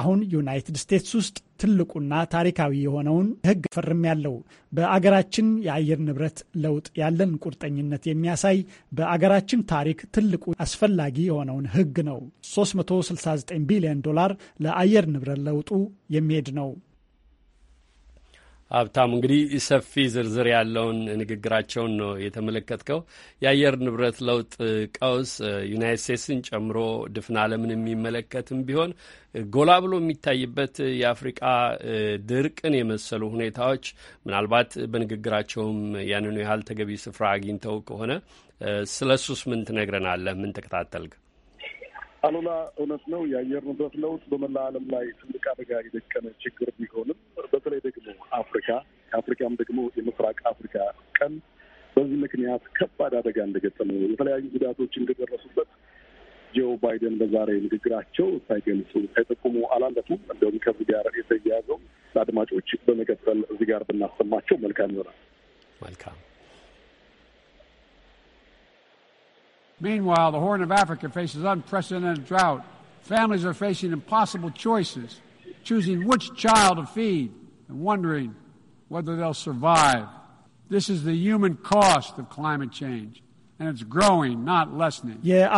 አሁን ዩናይትድ ስቴትስ ውስጥ ትልቁና ታሪካዊ የሆነውን ሕግ ፈርም ያለው በአገራችን የአየር ንብረት ለውጥ ያለን ቁርጠኝነት የሚያሳይ በአገራችን ታሪክ ትልቁ አስፈላጊ የሆነውን ሕግ ነው። 369 ቢሊዮን ዶላር ለአየር ንብረት ለውጡ የሚሄድ ነው። ሀብታም እንግዲህ ሰፊ ዝርዝር ያለውን ንግግራቸውን ነው የተመለከትከው። የአየር ንብረት ለውጥ ቀውስ ዩናይት ስቴትስን ጨምሮ ድፍን ዓለምን የሚመለከትም ቢሆን ጎላ ብሎ የሚታይበት የአፍሪቃ ድርቅን የመሰሉ ሁኔታዎች ምናልባት በንግግራቸውም ያንኑ ያህል ተገቢ ስፍራ አግኝተው ከሆነ ስለ ሱስ ምን ትነግረናለህ? ምን ተከታተልክ? አሉላ፣ እውነት ነው። የአየር ንብረት ለውጥ በመላ ዓለም ላይ ትልቅ አደጋ የደቀነ ችግር ቢሆንም በተለይ ደግሞ አፍሪካ ከአፍሪካም ደግሞ የምስራቅ አፍሪካ ቀን በዚህ ምክንያት ከባድ አደጋ እንደገጠመ የተለያዩ ጉዳቶች እንደደረሱበት ጆ ባይደን በዛሬ ንግግራቸው ሳይገልጹ ሳይጠቁሙ አላለፉም። እንደውም ከዚህ ጋር የተያያዘው ለአድማጮች በመቀጠል እዚህ ጋር ብናሰማቸው መልካም ይሆናል። መልካም Meanwhile, the Horn of Africa faces unprecedented drought. Families are facing impossible choices, choosing which child to feed and wondering whether they'll survive. This is the human cost of climate change.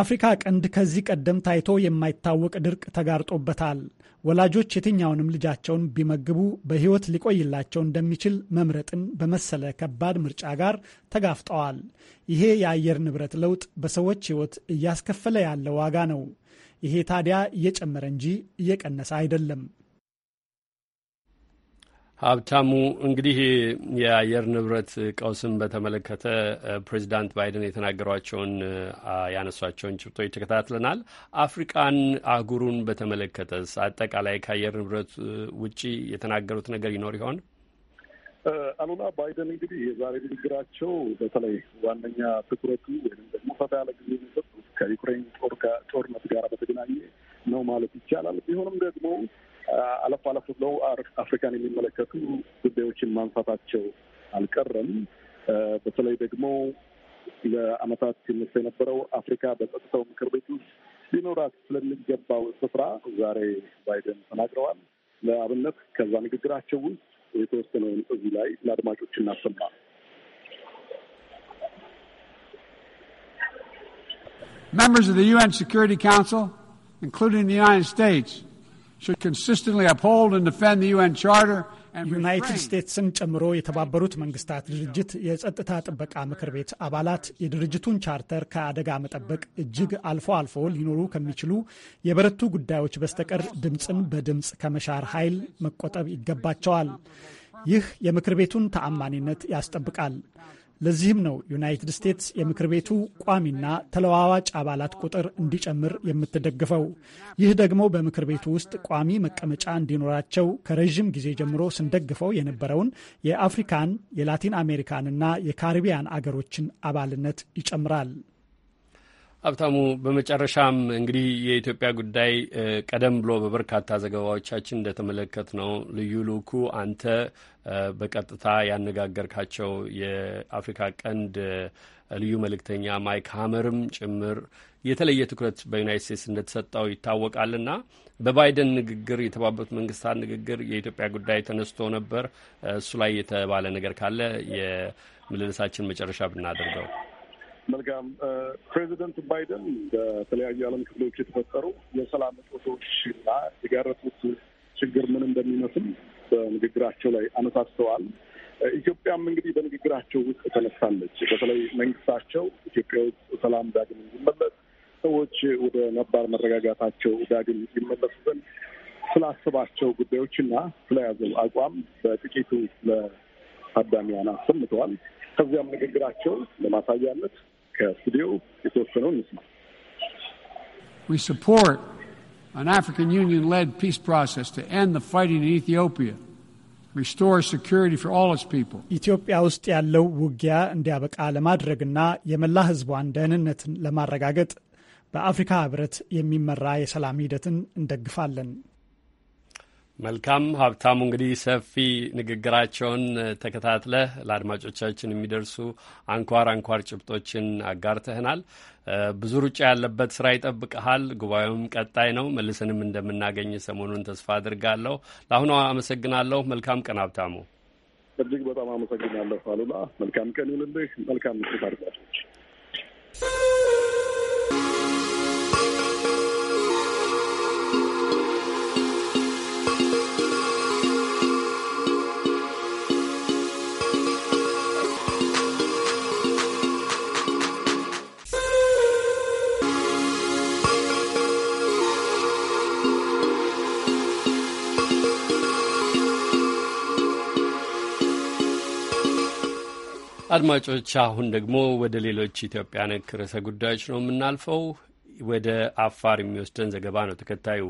አፍሪካ ቀንድ ከዚህ ቀደም ታይቶ የማይታወቅ ድርቅ ተጋርጦበታል። ወላጆች የትኛውንም ልጃቸውን ቢመግቡ በሕይወት ሊቆይላቸው እንደሚችል መምረጥን በመሰለ ከባድ ምርጫ ጋር ተጋፍጠዋል። ይሄ የአየር ንብረት ለውጥ በሰዎች ሕይወት እያስከፈለ ያለ ዋጋ ነው። ይሄ ታዲያ እየጨመረ እንጂ እየቀነሰ አይደለም። ሀብታሙ እንግዲህ የአየር ንብረት ቀውስን በተመለከተ ፕሬዚዳንት ባይደን የተናገሯቸውን ያነሷቸውን ጭብጦች ተከታትለናል። አፍሪቃን አህጉሩን በተመለከተስ አጠቃላይ ከአየር ንብረት ውጪ የተናገሩት ነገር ይኖር ይሆን? አሉላ ባይደን እንግዲህ የዛሬ ንግግራቸው በተለይ ዋነኛ ትኩረቱ ወይም ደግሞ ፈታ ያለ ጊዜ የሚሰጡት ከዩክሬን ጦርነት ጋር በተገናኘ ነው ማለት ይቻላል። ቢሆንም ደግሞ አለፍ አለፍ ብለው አፍሪካን የሚመለከቱ ጉዳዮችን ማንሳታቸው አልቀረም። በተለይ ደግሞ ለአመታት ሲነሳ የነበረው አፍሪካ በጸጥታው ምክር ቤት ውስጥ ሊኖራት ስለሚገባው ስፍራ ዛሬ ባይደን ተናግረዋል። ለአብነት ከዛ ንግግራቸው ውስጥ የተወሰነውን እዚህ ላይ ለአድማጮች እናሰማ። Members of the UN Security Council, including the United States, ዩናይትድ ስቴትስን ጨምሮ የተባበሩት መንግስታት ድርጅት የጸጥታ ጥበቃ ምክር ቤት አባላት የድርጅቱን ቻርተር ከአደጋ መጠበቅ እጅግ አልፎ አልፎ ሊኖሩ ከሚችሉ የበረቱ ጉዳዮች በስተቀር ድምፅን በድምፅ ከመሻር ኃይል መቆጠብ ይገባቸዋል። ይህ የምክር ቤቱን ተአማኒነት ያስጠብቃል። ለዚህም ነው ዩናይትድ ስቴትስ የምክር ቤቱ ቋሚና ተለዋዋጭ አባላት ቁጥር እንዲጨምር የምትደግፈው። ይህ ደግሞ በምክር ቤቱ ውስጥ ቋሚ መቀመጫ እንዲኖራቸው ከረዥም ጊዜ ጀምሮ ስንደግፈው የነበረውን የአፍሪካን፣ የላቲን አሜሪካንና የካሪቢያን አገሮችን አባልነት ይጨምራል። ሀብታሙ፣ በመጨረሻም እንግዲህ የኢትዮጵያ ጉዳይ ቀደም ብሎ በበርካታ ዘገባዎቻችን እንደተመለከት ነው ልዩ ልኡኩ አንተ በቀጥታ ያነጋገርካቸው የአፍሪካ ቀንድ ልዩ መልእክተኛ ማይክ ሀመርም ጭምር የተለየ ትኩረት በዩናይት ስቴትስ እንደተሰጠው ይታወቃልና በባይደን ንግግር የተባበሩት መንግስታት ንግግር የኢትዮጵያ ጉዳይ ተነስቶ ነበር። እሱ ላይ የተባለ ነገር ካለ የምልልሳችን መጨረሻ ብናደርገው መልካም ፕሬዚደንት ባይደን በተለያዩ የዓለም ክፍሎች የተፈጠሩ የሰላም እጦቶች እና የጋረጡት ችግር ምን እንደሚመስል በንግግራቸው ላይ አነሳስተዋል። ኢትዮጵያም እንግዲህ በንግግራቸው ውስጥ ተነሳለች። በተለይ መንግስታቸው ኢትዮጵያ ውስጥ ሰላም ዳግም እንዲመለስ፣ ሰዎች ወደ ነባር መረጋጋታቸው ዳግም ይመለሱ ዘንድ ስላስባቸው ጉዳዮችና ስለያዘው አቋም በጥቂቱ ለታዳሚያን አሰምተዋል። ከዚያም ንግግራቸው ለማሳያነት We support an African Union led peace process to end the fighting in Ethiopia. restore security for all its people. ኢትዮጵያ ውስጥ ያለው ውጊያ እንዲያበቃ ለማድረግና የመላ ደህንነትን ለማረጋገጥ በአፍሪካ የሚመራ የሰላም ሂደትን እንደግፋለን። መልካም ሀብታሙ፣ እንግዲህ ሰፊ ንግግራቸውን ተከታትለህ ለአድማጮቻችን የሚደርሱ አንኳር አንኳር ጭብጦችን አጋርተህናል። ብዙ ሩጫ ያለበት ስራ ይጠብቀሃል። ጉባኤውም ቀጣይ ነው። መልስንም እንደምናገኝ ሰሞኑን ተስፋ አድርጋለሁ። ለአሁኑ አመሰግናለሁ። መልካም ቀን ሀብታሙ። እጅግ በጣም አመሰግናለሁ አሉላ። መልካም ቀን ይሁንልህ። መልካም ምሽት አድማጮች። አድማጮች አሁን ደግሞ ወደ ሌሎች ኢትዮጵያ ነክ ርዕሰ ጉዳዮች ነው የምናልፈው። ወደ አፋር የሚወስደን ዘገባ ነው ተከታዩ።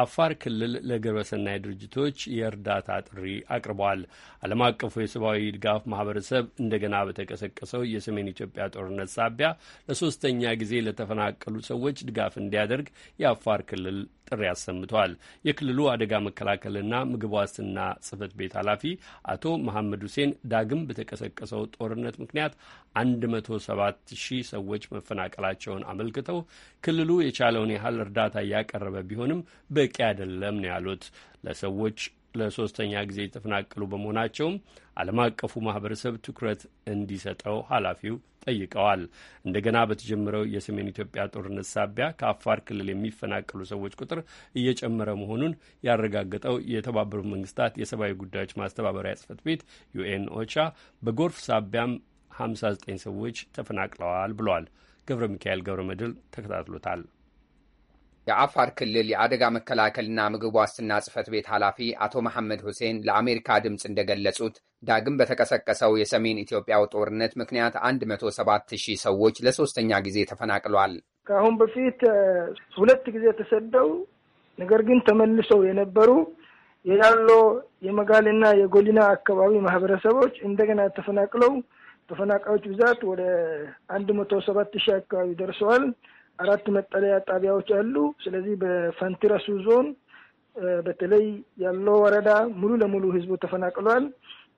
አፋር ክልል ለግብረሰናይ ድርጅቶች የእርዳታ ጥሪ አቅርበዋል። ዓለም አቀፉ የሰብአዊ ድጋፍ ማህበረሰብ እንደገና በተቀሰቀሰው የሰሜን ኢትዮጵያ ጦርነት ሳቢያ ለሶስተኛ ጊዜ ለተፈናቀሉ ሰዎች ድጋፍ እንዲያደርግ የአፋር ክልል ጥሪ አሰምተዋል። የክልሉ አደጋ መከላከልና ምግብ ዋስትና ጽህፈት ቤት ኃላፊ አቶ መሐመድ ሁሴን ዳግም በተቀሰቀሰው ጦርነት ምክንያት 107 ሺህ ሰዎች መፈናቀላቸውን አመልክተው ክልሉ የቻለውን ያህል እርዳታ እያቀረበ ቢሆንም በቂ አይደለም ነው ያሉት። ለሰዎች ለሶስተኛ ጊዜ የተፈናቀሉ በመሆናቸውም ዓለም አቀፉ ማህበረሰብ ትኩረት እንዲሰጠው ኃላፊው ጠይቀዋል። እንደገና በተጀመረው የሰሜን ኢትዮጵያ ጦርነት ሳቢያ ከአፋር ክልል የሚፈናቀሉ ሰዎች ቁጥር እየጨመረ መሆኑን ያረጋገጠው የተባበሩት መንግስታት የሰብአዊ ጉዳዮች ማስተባበሪያ ጽህፈት ቤት ዩኤን ኦቻ በጎርፍ ሳቢያም 59 ሰዎች ተፈናቅለዋል ብለዋል። ገብረ ሚካኤል ገብረ መድል ተከታትሎታል። የአፋር ክልል የአደጋ መከላከልና ምግብ ዋስትና ጽህፈት ቤት ኃላፊ አቶ መሐመድ ሁሴን ለአሜሪካ ድምፅ እንደገለጹት ዳግም በተቀሰቀሰው የሰሜን ኢትዮጵያው ጦርነት ምክንያት 107 ሺህ ሰዎች ለሶስተኛ ጊዜ ተፈናቅሏል። ከአሁን በፊት ሁለት ጊዜ ተሰደው ነገር ግን ተመልሰው የነበሩ የያሎ የመጋሌና የጎሊና አካባቢ ማህበረሰቦች እንደገና ተፈናቅለው ተፈናቃዮች ብዛት ወደ አንድ መቶ ሰባት ሺህ አካባቢ ደርሰዋል። አራት መጠለያ ጣቢያዎች አሉ። ስለዚህ በፈንቲረሱ ዞን በተለይ ያለው ወረዳ ሙሉ ለሙሉ ህዝቡ ተፈናቅሏል።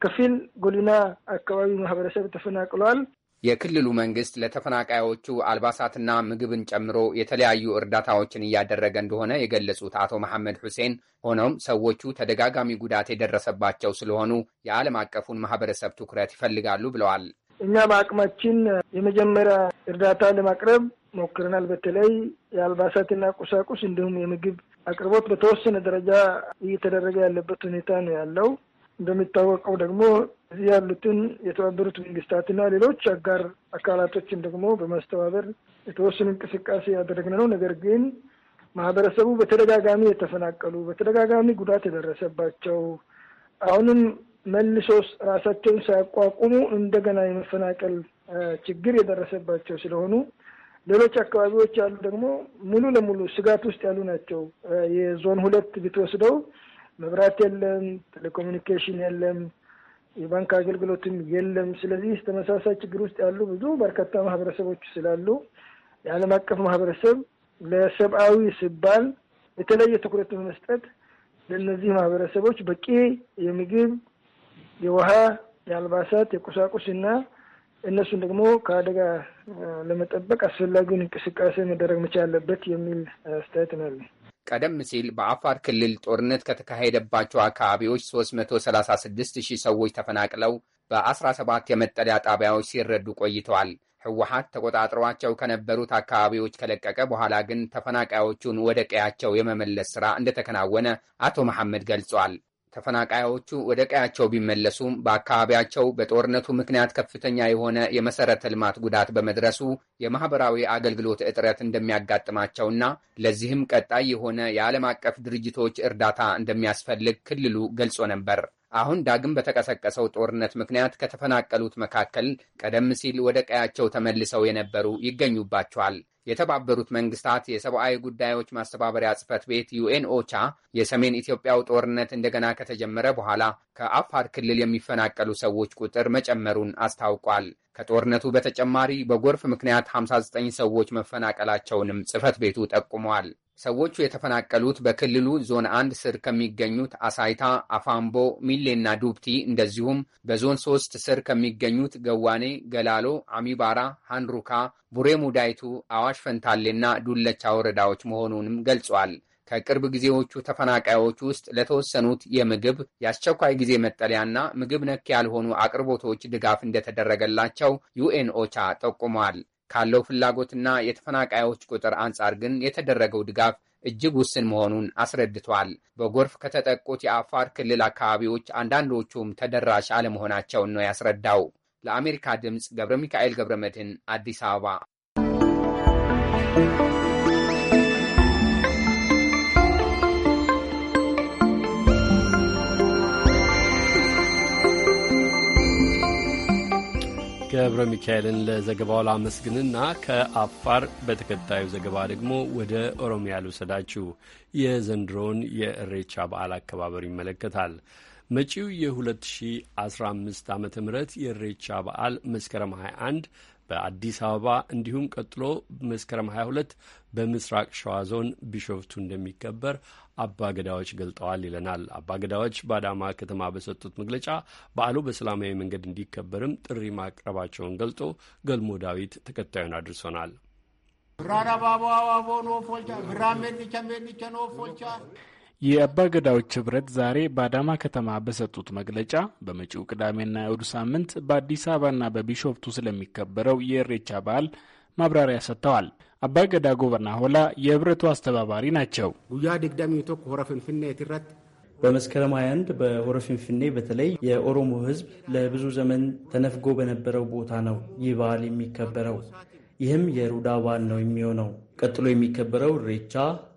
ከፊል ጎሊና አካባቢ ማህበረሰብ ተፈናቅሏል። የክልሉ መንግስት ለተፈናቃዮቹ አልባሳትና ምግብን ጨምሮ የተለያዩ እርዳታዎችን እያደረገ እንደሆነ የገለጹት አቶ መሐመድ ሁሴን፣ ሆኖም ሰዎቹ ተደጋጋሚ ጉዳት የደረሰባቸው ስለሆኑ የዓለም አቀፉን ማህበረሰብ ትኩረት ይፈልጋሉ ብለዋል። እኛ በአቅማችን የመጀመሪያ እርዳታ ለማቅረብ ሞክረናል። በተለይ የአልባሳትና ቁሳቁስ እንዲሁም የምግብ አቅርቦት በተወሰነ ደረጃ እየተደረገ ያለበት ሁኔታ ነው ያለው። እንደሚታወቀው ደግሞ እዚህ ያሉትን የተባበሩት መንግስታትና ሌሎች አጋር አካላቶችን ደግሞ በማስተባበር የተወሰኑ እንቅስቃሴ ያደረግን ነው። ነገር ግን ማህበረሰቡ በተደጋጋሚ የተፈናቀሉ፣ በተደጋጋሚ ጉዳት የደረሰባቸው አሁንም መልሶስ ራሳቸውን ሳያቋቁሙ እንደገና የመፈናቀል ችግር የደረሰባቸው ስለሆኑ ሌሎች አካባቢዎች ያሉ ደግሞ ሙሉ ለሙሉ ስጋት ውስጥ ያሉ ናቸው። የዞን ሁለት ብትወስደው መብራት የለም፣ ቴሌኮሙኒኬሽን የለም፣ የባንክ አገልግሎትም የለም። ስለዚህ ተመሳሳይ ችግር ውስጥ ያሉ ብዙ በርካታ ማህበረሰቦች ስላሉ የዓለም አቀፍ ማህበረሰብ ለሰብአዊ ሲባል የተለየ ትኩረት በመስጠት ለእነዚህ ማህበረሰቦች በቂ የምግብ የውሃ፣ የአልባሳት፣ የቁሳቁስ እና እነሱን ደግሞ ከአደጋ ለመጠበቅ አስፈላጊውን እንቅስቃሴ መደረግ መቻል አለበት የሚል አስተያየት ነው ቀደም ሲል በአፋር ክልል ጦርነት ከተካሄደባቸው አካባቢዎች 336 ሺህ ሰዎች ተፈናቅለው በ17 የመጠለያ ጣቢያዎች ሲረዱ ቆይተዋል። ህወሀት ተቆጣጥሯቸው ከነበሩት አካባቢዎች ከለቀቀ በኋላ ግን ተፈናቃዮቹን ወደ ቀያቸው የመመለስ ስራ እንደተከናወነ አቶ መሐመድ ገልጿል። ተፈናቃዮቹ ወደ ቀያቸው ቢመለሱም በአካባቢያቸው በጦርነቱ ምክንያት ከፍተኛ የሆነ የመሰረተ ልማት ጉዳት በመድረሱ የማህበራዊ አገልግሎት እጥረት እንደሚያጋጥማቸውና ለዚህም ቀጣይ የሆነ የዓለም አቀፍ ድርጅቶች እርዳታ እንደሚያስፈልግ ክልሉ ገልጾ ነበር። አሁን ዳግም በተቀሰቀሰው ጦርነት ምክንያት ከተፈናቀሉት መካከል ቀደም ሲል ወደ ቀያቸው ተመልሰው የነበሩ ይገኙባቸዋል። የተባበሩት መንግስታት የሰብአዊ ጉዳዮች ማስተባበሪያ ጽህፈት ቤት ዩኤን ኦቻ የሰሜን ኢትዮጵያው ጦርነት እንደገና ከተጀመረ በኋላ ከአፋር ክልል የሚፈናቀሉ ሰዎች ቁጥር መጨመሩን አስታውቋል። ከጦርነቱ በተጨማሪ በጎርፍ ምክንያት 59 ሰዎች መፈናቀላቸውንም ጽህፈት ቤቱ ጠቁመዋል። ሰዎቹ የተፈናቀሉት በክልሉ ዞን አንድ ስር ከሚገኙት አሳይታ፣ አፋምቦ፣ ሚሌና ዱብቲ እንደዚሁም በዞን ሶስት ስር ከሚገኙት ገዋኔ፣ ገላሎ፣ አሚባራ፣ ሃንሩካ፣ ቡሬ ሙዳይቱ፣ አዋሽ ፈንታሌና ዱለቻ ወረዳዎች መሆኑንም ገልጿል። ከቅርብ ጊዜዎቹ ተፈናቃዮች ውስጥ ለተወሰኑት የምግብ የአስቸኳይ ጊዜ መጠለያና ምግብ ነክ ያልሆኑ አቅርቦቶች ድጋፍ እንደተደረገላቸው ዩኤን ኦቻ ጠቁሟል። ካለው ፍላጎትና የተፈናቃዮች ቁጥር አንጻር ግን የተደረገው ድጋፍ እጅግ ውስን መሆኑን አስረድቷል። በጎርፍ ከተጠቁት የአፋር ክልል አካባቢዎች አንዳንዶቹም ተደራሽ አለመሆናቸውን ነው ያስረዳው። ለአሜሪካ ድምፅ ገብረ ሚካኤል ገብረ መድህን አዲስ አበባ ደብረ ሚካኤልን ለዘገባው ላመስግንና ከአፋር በተከታዩ ዘገባ ደግሞ ወደ ኦሮሚያ ልውሰዳችሁ። የዘንድሮውን የእሬቻ በዓል አከባበር ይመለከታል። መጪው የ2015 ዓ ም የእሬቻ በዓል መስከረም 21 በአዲስ አበባ እንዲሁም ቀጥሎ መስከረም 22 በምስራቅ ሸዋ ዞን ቢሾፍቱ እንደሚከበር አባ ገዳዎች ገልጠዋል ይለናል። አባ ገዳዎች በአዳማ ከተማ በሰጡት መግለጫ በዓሉ በሰላማዊ መንገድ እንዲከበርም ጥሪ ማቅረባቸውን ገልጦ ገልሞ ዳዊት ተከታዩን አድርሶናል። የአባገዳዎች ህብረት ዛሬ በአዳማ ከተማ በሰጡት መግለጫ በመጪው ቅዳሜና እሁድ ሳምንት በአዲስ አበባና በቢሾፍቱ ስለሚከበረው የእሬቻ በዓል ማብራሪያ ሰጥተዋል። አባገዳ ጎበና ሆላ የህብረቱ አስተባባሪ ናቸው። ጉያ ድግዳሚ ቶክ ሆረ ፍንፍኔ የትረት በመስከረም 21 በሆረ በተለይ የኦሮሞ ህዝብ ለብዙ ዘመን ተነፍጎ በነበረው ቦታ ነው ይህ በዓል የሚከበረው። ይህም የሩዳ በዓል ነው የሚሆነው ቀጥሎ የሚከበረው ሬቻ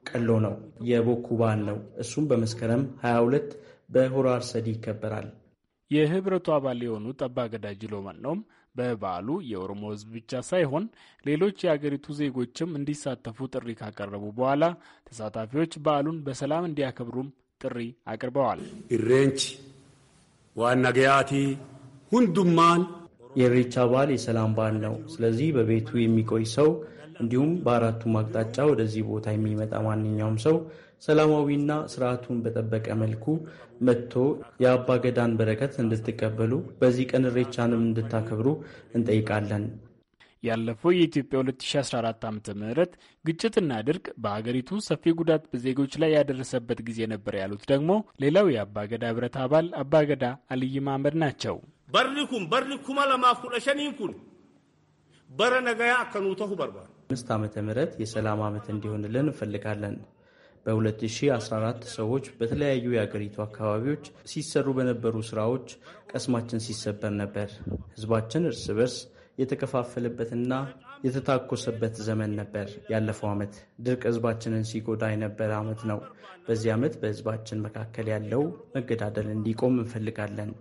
ቀሎ ነው፣ የቦኩ በዓል ነው። እሱም በመስከረም 22 በሆራ አርሰዲ ይከበራል። የህብረቱ አባል የሆኑት ጠባ ገዳጅ ሎመን ነውም በበዓሉ የኦሮሞ ህዝብ ብቻ ሳይሆን ሌሎች የአገሪቱ ዜጎችም እንዲሳተፉ ጥሪ ካቀረቡ በኋላ ተሳታፊዎች በዓሉን በሰላም እንዲያከብሩም ጥሪ አቅርበዋል። ኢሬንች ዋና ገያቲ ሁንዱማን የሬቻ በዓል የሰላም በዓል ነው። ስለዚህ በቤቱ የሚቆይ ሰው እንዲሁም በአራቱም አቅጣጫ ወደዚህ ቦታ የሚመጣ ማንኛውም ሰው ሰላማዊና ስርዓቱን በጠበቀ መልኩ መጥቶ የአባ ገዳን በረከት እንድትቀበሉ በዚህ ቀን ሬቻንም እንድታከብሩ እንጠይቃለን። ያለፈው የኢትዮጵያ 2014 ዓ ም ግጭትና ድርቅ በሀገሪቱ ሰፊ ጉዳት በዜጎች ላይ ያደረሰበት ጊዜ ነበር ያሉት ደግሞ ሌላው የአባገዳ ህብረት አባል አባገዳ አልይ ማመድ ናቸው። በርኒኩም በርኒኩማ ለማፉ በረ ነገያ አከኑተሁ በርባል 2015 ዓመተ ም የሰላም ዓመት እንዲሆንልን እንፈልጋለን። በ2014 ሰዎች በተለያዩ የአገሪቱ አካባቢዎች ሲሰሩ በነበሩ ስራዎች ቀስማችን ሲሰበር ነበር። ህዝባችን እርስ በርስ የተከፋፈለበትና የተታኮሰበት ዘመን ነበር። ያለፈው ዓመት ድርቅ ህዝባችንን ሲጎዳ የነበረ ዓመት ነው። በዚህ ዓመት በህዝባችን መካከል ያለው መገዳደል እንዲቆም እንፈልጋለን።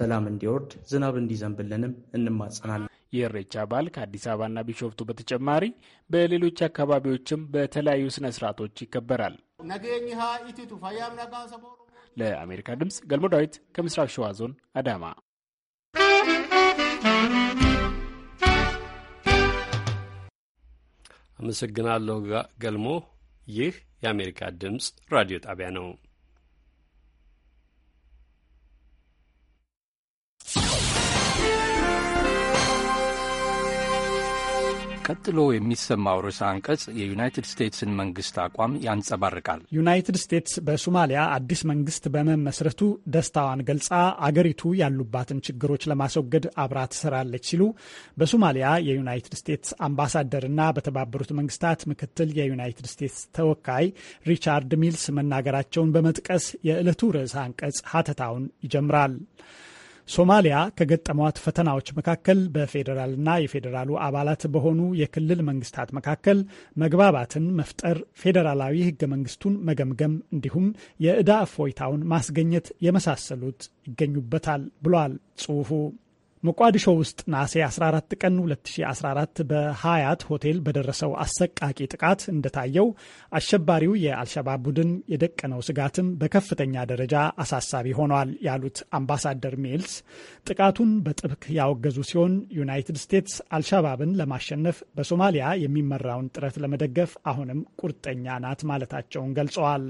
ሰላም እንዲወርድ፣ ዝናብ እንዲዘንብልንም እንማጸናለን። የእሬቻ በዓል ከአዲስ አበባና ቢሾፍቱ በተጨማሪ በሌሎች አካባቢዎችም በተለያዩ ስነ ስርዓቶች ይከበራል። ለአሜሪካ ድምፅ ገልሞ ዳዊት ከምስራቅ ሸዋ ዞን አዳማ። አመሰግናለሁ ገልሞ። ይህ የአሜሪካ ድምፅ ራዲዮ ጣቢያ ነው። ቀጥሎ የሚሰማው ርዕሰ አንቀጽ የዩናይትድ ስቴትስን መንግስት አቋም ያንጸባርቃል። ዩናይትድ ስቴትስ በሶማሊያ አዲስ መንግስት በመመስረቱ ደስታዋን ገልጻ አገሪቱ ያሉባትን ችግሮች ለማስወገድ አብራ ትሰራለች ሲሉ በሶማሊያ የዩናይትድ ስቴትስ አምባሳደርና በተባበሩት መንግስታት ምክትል የዩናይትድ ስቴትስ ተወካይ ሪቻርድ ሚልስ መናገራቸውን በመጥቀስ የዕለቱ ርዕሰ አንቀጽ ሀተታውን ይጀምራል። ሶማሊያ ከገጠሟት ፈተናዎች መካከል በፌዴራልና የፌዴራሉ አባላት በሆኑ የክልል መንግስታት መካከል መግባባትን መፍጠር፣ ፌዴራላዊ ህገ መንግስቱን መገምገም እንዲሁም የዕዳ እፎይታውን ማስገኘት የመሳሰሉት ይገኙበታል ብሏል ጽሁፉ። ሞቃዲሾ ውስጥ ነሐሴ 14 ቀን 2014 በሀያት ሆቴል በደረሰው አሰቃቂ ጥቃት እንደታየው አሸባሪው የአልሸባብ ቡድን የደቀነው ስጋትም በከፍተኛ ደረጃ አሳሳቢ ሆኗል ያሉት አምባሳደር ሜልስ ጥቃቱን በጥብቅ ያወገዙ ሲሆን ዩናይትድ ስቴትስ አልሸባብን ለማሸነፍ በሶማሊያ የሚመራውን ጥረት ለመደገፍ አሁንም ቁርጠኛ ናት ማለታቸውን ገልጸዋል።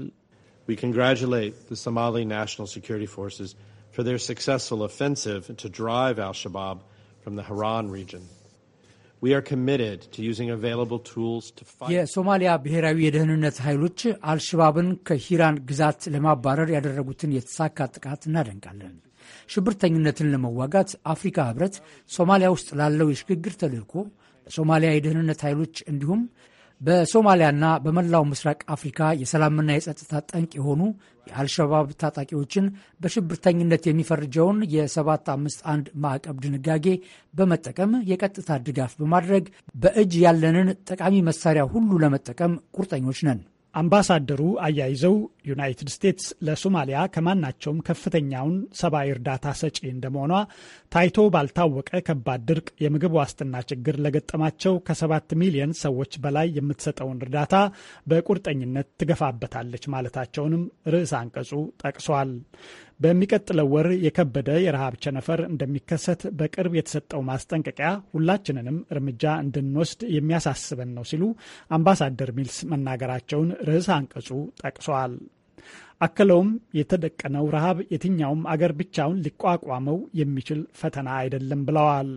We congratulate the Somali National Security Forces for their successful offensive to drive al Shabaab from the Haran region. We are committed to using available tools to fight. የሶማሊያ ብሔራዊ የደህንነት ኃይሎች አልሸባብን ከሂራን ግዛት ለማባረር ያደረጉትን የተሳካ ጥቃት እናደንቃለን። ሽብርተኝነትን ለመዋጋት አፍሪካ ህብረት ሶማሊያ ውስጥ ላለው የሽግግር ተልዕኮ ለሶማሊያ የደህንነት ኃይሎች እንዲሁም በሶማሊያና በመላው ምስራቅ አፍሪካ የሰላምና የጸጥታ ጠንቅ የሆኑ የአልሸባብ ታጣቂዎችን በሽብርተኝነት የሚፈርጀውን የ751 ማዕቀብ ድንጋጌ በመጠቀም የቀጥታ ድጋፍ በማድረግ በእጅ ያለንን ጠቃሚ መሳሪያ ሁሉ ለመጠቀም ቁርጠኞች ነን። አምባሳደሩ አያይዘው ዩናይትድ ስቴትስ ለሶማሊያ ከማናቸውም ከፍተኛውን ሰብአዊ እርዳታ ሰጪ እንደመሆኗ ታይቶ ባልታወቀ ከባድ ድርቅ የምግብ ዋስትና ችግር ለገጠማቸው ከሰባት ሚሊዮን ሰዎች በላይ የምትሰጠውን እርዳታ በቁርጠኝነት ትገፋበታለች ማለታቸውንም ርዕስ አንቀጹ ጠቅሷል። በሚቀጥለው ወር የከበደ የረሃብ ቸነፈር እንደሚከሰት በቅርብ የተሰጠው ማስጠንቀቂያ ሁላችንንም እርምጃ እንድንወስድ የሚያሳስበን ነው ሲሉ አምባሳደር ሚልስ መናገራቸውን ርዕስ አንቀጹ ጠቅሷል። አክለውም የተደቀነው ረሃብ የትኛውም አገር ብቻውን ሊቋቋመው የሚችል ፈተና አይደለም ብለዋል።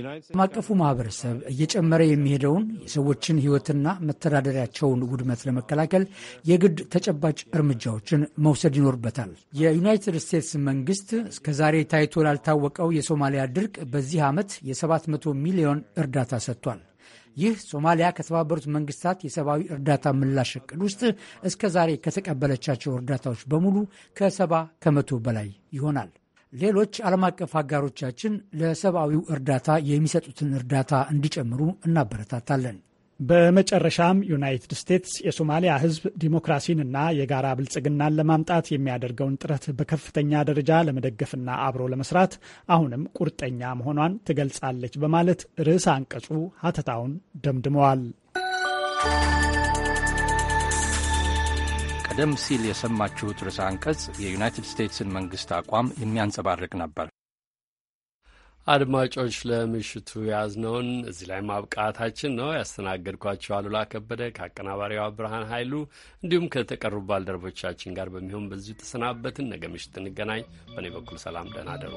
ዓለም አቀፉ ማህበረሰብ እየጨመረ የሚሄደውን የሰዎችን ሕይወትና መተዳደሪያቸውን ውድመት ለመከላከል የግድ ተጨባጭ እርምጃዎችን መውሰድ ይኖርበታል። የዩናይትድ ስቴትስ መንግስት እስከዛሬ ታይቶ ላልታወቀው የሶማሊያ ድርቅ በዚህ ዓመት የ700 ሚሊዮን እርዳታ ሰጥቷል። ይህ ሶማሊያ ከተባበሩት መንግስታት የሰብአዊ እርዳታ ምላሽ እቅድ ውስጥ እስከ ዛሬ ከተቀበለቻቸው እርዳታዎች በሙሉ ከሰባ ከመቶ በላይ ይሆናል። ሌሎች ዓለም አቀፍ አጋሮቻችን ለሰብአዊው እርዳታ የሚሰጡትን እርዳታ እንዲጨምሩ እናበረታታለን። በመጨረሻም ዩናይትድ ስቴትስ የሶማሊያ ሕዝብ ዲሞክራሲንና የጋራ ብልጽግናን ለማምጣት የሚያደርገውን ጥረት በከፍተኛ ደረጃ ለመደገፍና አብሮ ለመስራት አሁንም ቁርጠኛ መሆኗን ትገልጻለች በማለት ርዕስ አንቀጹ ሀተታውን ደምድመዋል። ቀደም ሲል የሰማችሁት ርዕሰ አንቀጽ የዩናይትድ ስቴትስን መንግሥት አቋም የሚያንጸባርቅ ነበር። አድማጮች፣ ለምሽቱ ያዝነውን እዚህ ላይ ማብቃታችን ነው። ያስተናገድኳቸው አሉላ ከበደ ከአቀናባሪዋ ብርሃን ኃይሉ እንዲሁም ከተቀሩ ባልደረቦቻችን ጋር በሚሆን በዚሁ ተሰናበትን። ነገ ምሽት እንገናኝ። በእኔ በኩል ሰላም፣ ደህና አደሩ።